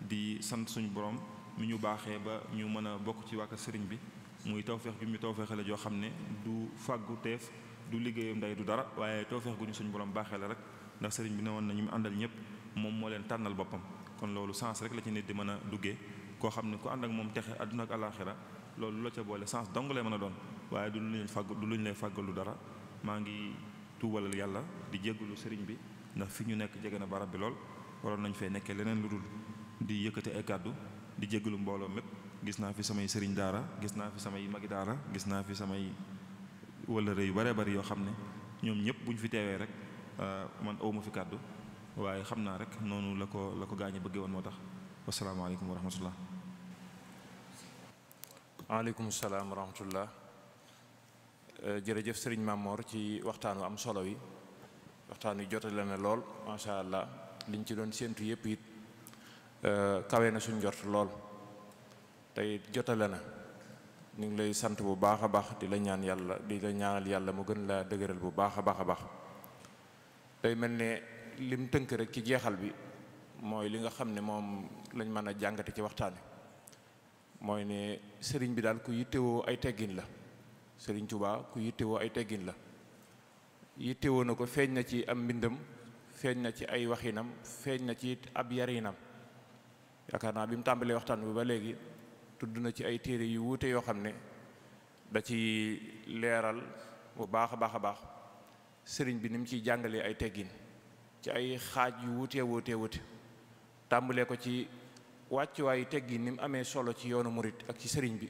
di sant suñu borom mi ñu baaxee ba ñu mën a bokk ci wàkka sëriñ bi muy tawfeex bi mu tawfeexale joo xam ne du fàggu teef du liggéeyam nday du dara waaye tawfeex gu ñu suñu borom baaxee la rek ndax sëriñ bi ne na ñu mu àndal ñëpp moom moo leen tànnal boppam kon loolu sens rek la ci nit di mën a duggee koo xam ne ku ànd ak moom texe àdduna ak àllaaxira loolu lu la ca boole sens dong lay mën a doon waaye du luñ fàgg du luñ lay fàggalu dara maa ngi tuubalal yàlla di jégalu sëriñ bi ndax fi ñu nekk jege na barab bi lool waroon nañu fee nekkee leneen lu dul di yëkkate ay kàddu di jégalu mbooloo mépp gis naa fi samay sëriñ daara gis naa fi samay magi daara gis naa fi samay wëllëre yu bare bari yoo xam ne ñoom ñëpp bu ñu fi teewee rek euh, man awma fi kàddu waaye xam naa rek noonu la ko la ko gaañu bëggee woon moo tax wasalaamaaleykum wa rahmatullah waaleykum salaam wa rahmatullah euh, jërëjëf sëriñ Mamor ci waxtaan wu am solo yi waxtaan wi jotale na lool macha allah liñ ci doon séentu yëpp it euh, kawe na suñ jot lool tey jotale na ñu ngi lay sant bu baax a baax di la ñaan yàlla di la ñaanal yàlla mu gën laa dëgëral bu baax a baax a baax day mel ne lim tënk rek ci jeexal bi mooy li nga xam ne moom lañ mën a jàngate ci waxtaan wi mooy ne sëriñ bi daal ku yittewoo ay teggin la sëriñ Tuubaa ku yittewoo ay teggin la yittewoo na ko feeñ na ci am mbindam feeñ na ci ay waxinam feeñ na ci ab yinam yaakaar naa bi mu tàmbalee waxtaan bi ba léegi tudd na ci ay téere yu wuute yoo xam ne da ci leeral bu baax a baax a baax sëriñ bi ni mu ciy jàngalee ay teggin ci ay xaaj yu wutee wute wute tàmbalee ko ci wàccuwaayu teggin ni mu amee solo ci yoonu murit ak ci sëriñ bi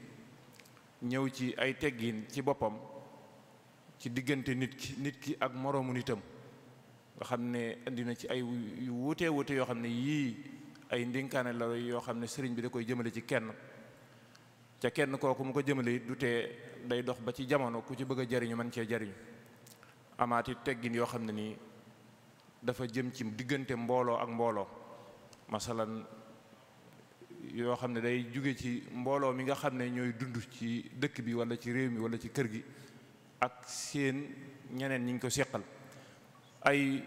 ñëw ci ay teggin ci boppam ci diggante nit ki nit ki ak moroomu nitam nga xam ne indi na ci ay yu wuutee wuute yoo xam ne yii ay ndinkaane la yoo xam ne sëriñ bi da koy jëmale ci kenn ca kenn kooku mu ko jëmale it du tee day dox ba ci jamono ku ci bëgg a jariñu man cee jariñu amaati teggin yoo xam ne nii dafa jëm ci diggante mbooloo ak mbooloo masalan yoo xam ne day jóge ci mbooloo mi nga xam ne ñooy dund ci dëkk bi wala ci réew mi wala ci kër gi ak seen ñeneen ñi ñu ko seqal ay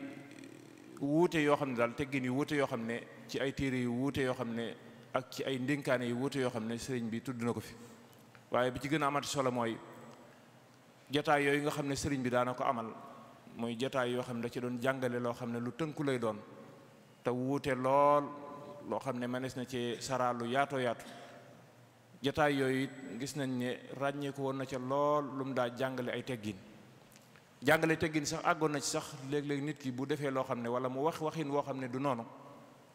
wuute yoo xam ne daal teggin yu wuute yoo xam ne ci ay téere yu wuute yoo xam ne ak ci ay ndénkaane yu wuute yoo xam ne sëriñ bi tudd na ko fi waaye bi ci gën a amat solo mooy jataay yooyu nga xam ne sëriñ bi daana ko amal muy jotaay yoo xam ne da ci doon jàngale loo xam ne lu tënku lay doon te wuute lool loo xam ne mënees na ci saraalu lu yaatoo yaatu jataay yooyu it gis nañ ne ràññeeku woon na ca lool lu mu daa jàngale ay teggin jàngale teggin sax àggoon na ci sax léeg-léeg nit ki bu defee loo xam ne wala mu wax waxiin woo xam ne du noonu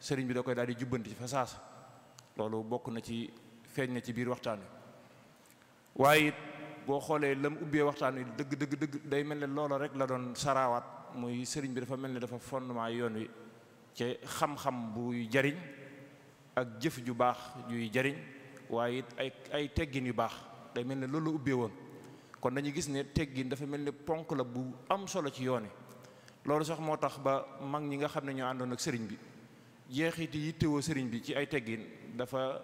sëriñ bi da koy daal di jubbanti fa saasa loolu bokk na ci feeñ na ci biir waxtaan wi waaye it boo xoolee lam ubbee waxtaan wi dëgg dëgg dëgg day mel ni loola rek la doon saraawaat muy sëriñ bi dafa mel ni dafa fondement yoon wi ci xam-xam buy jariñ ak jëf ju baax juy jariñ waaye it ay ay teggin yu baax day mel ni loolu la ubbee woon kon dañu gis ne teggin dafa mel ni ponk la bu am solo ci yoon wi loolu sax moo tax ba mag ñi nga xam ne ñoo àndoon ak sëriñ bi jeexiti yittewoo sëriñ bi ci ay teggin dafa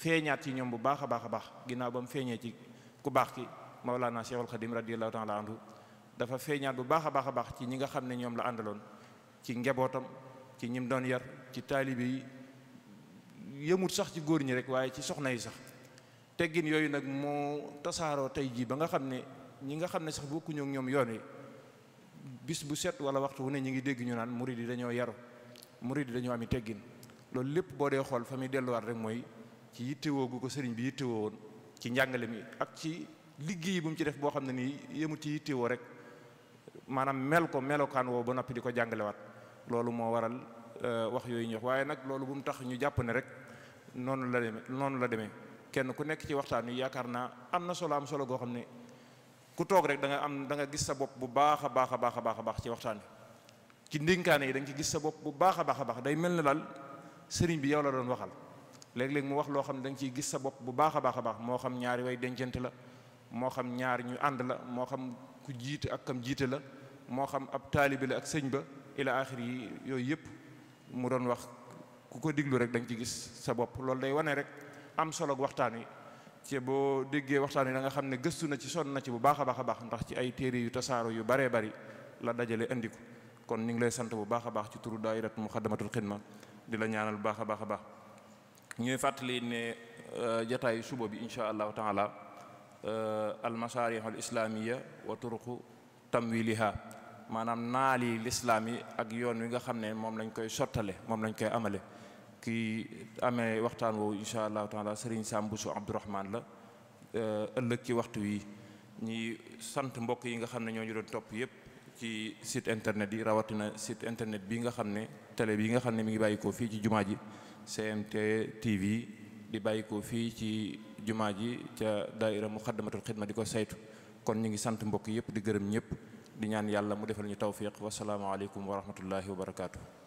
feeñaat yi ñoom bu baax a baax a baax ginnaaw ba mu feeñee ci ku baax ki Mawlana Cheikhul Khadim radiyallahu taala anhu dafa feeñaat bu baax a baax a baax ci ñi nga xam ne ñoom la àndaloon ci ngebootam ci ñim doon yar ci taalibe yi yëmut sax ci góor ñi rek waaye ci soxna yi sax teggin yooyu nag moo tasaaroo tey jii ba nga xam ne ñi nga xam ne sax bokkuñu ak ñoom yoon wi bis bu set wala waxtu wu ne ñu ngi dégg ñu naan murid yi dañoo yaru murid yi dañoo ami teggin loolu lépp boo dee xool fa delluwaat rek mooy ci yittewoo gu ko sëriñ bi yittewoo woon ci njàngale mi ak ci liggéey bu mu ci def boo xam ne nii yëmu ci yittewoo rek maanaam mel ko melokaan woo ba noppi di ko jàngalewaat loolu moo waral euh, wax yooyu ñu wax waaye nag loolu bu mu tax ñu jàpp ne rek noonu la demee noonu la demee kenn ku nekk ci waxtaan wi yaakaar naa am na solo am solo goo xam ne ku toog rek danga am da nga gis sa bopp bu baax a baax a baax a baax a baax ci waxtaan wi ci ndénkaane yi da ci gis sa bopp bu baax a baax a baax day mel na daal sëriñ bi yow la doon waxal léeg-léeg mu wax loo xam ne da nga gis sa bopp bu baax a baax a baax moo xam ñaari way dencante la moo xam ñaar ñu ànd la moo xam ku jiite ak kam jiite la moo xam ab taalibi la ak sëñ ba ila axir yi yooyu yëpp mu doon wax ku ko diglu rek da nga ci gis sa bopp loolu day wane rek am solo waxtaan wi ci boo déggee waxtaan wi da xam ne gëstu na ci sonn na ci bu baax a baax a baax ndax ci ay téere yu tasaaro yu baree bari la dajale indi ko kon ñu ngi lay sant bu baax a baax ci turu daayiratu muxaddamatul xidma di la ñaanal bu baax a baax a baax ñuy fàttali ne euh, jataayu suba bi insha allahu taala almasarih euh, al islamiya wa turuqu tamwiliha maanaam naali lislaam yi ak yoon wi nga xam ne moom lañ koy sottale moom lañ koy amale kii amee waxtaan woowu insha allahu taala sëriñ Sambusu Abdourahman la euh, ëllëg ci waxtu wi ñi sant mbokk yi nga xam ne ñoo ñu doon topp yépp ci site internet yi rawatina site internet bi nga xam ne télé bi nga xam ne mi ngi bàyyi ko fii ci jumaa ji GMT TV di bàyyi ko fii ci jumaa ji ca daaira Muxaddamatul Xidma di ko saytu kon ñu ngi sant mbokk yëpp di gërëm ñëpp di ñaan yàlla mu defal ñu tawfiq wasalaamaaleykum wa rahmatullahi wa barakaatu.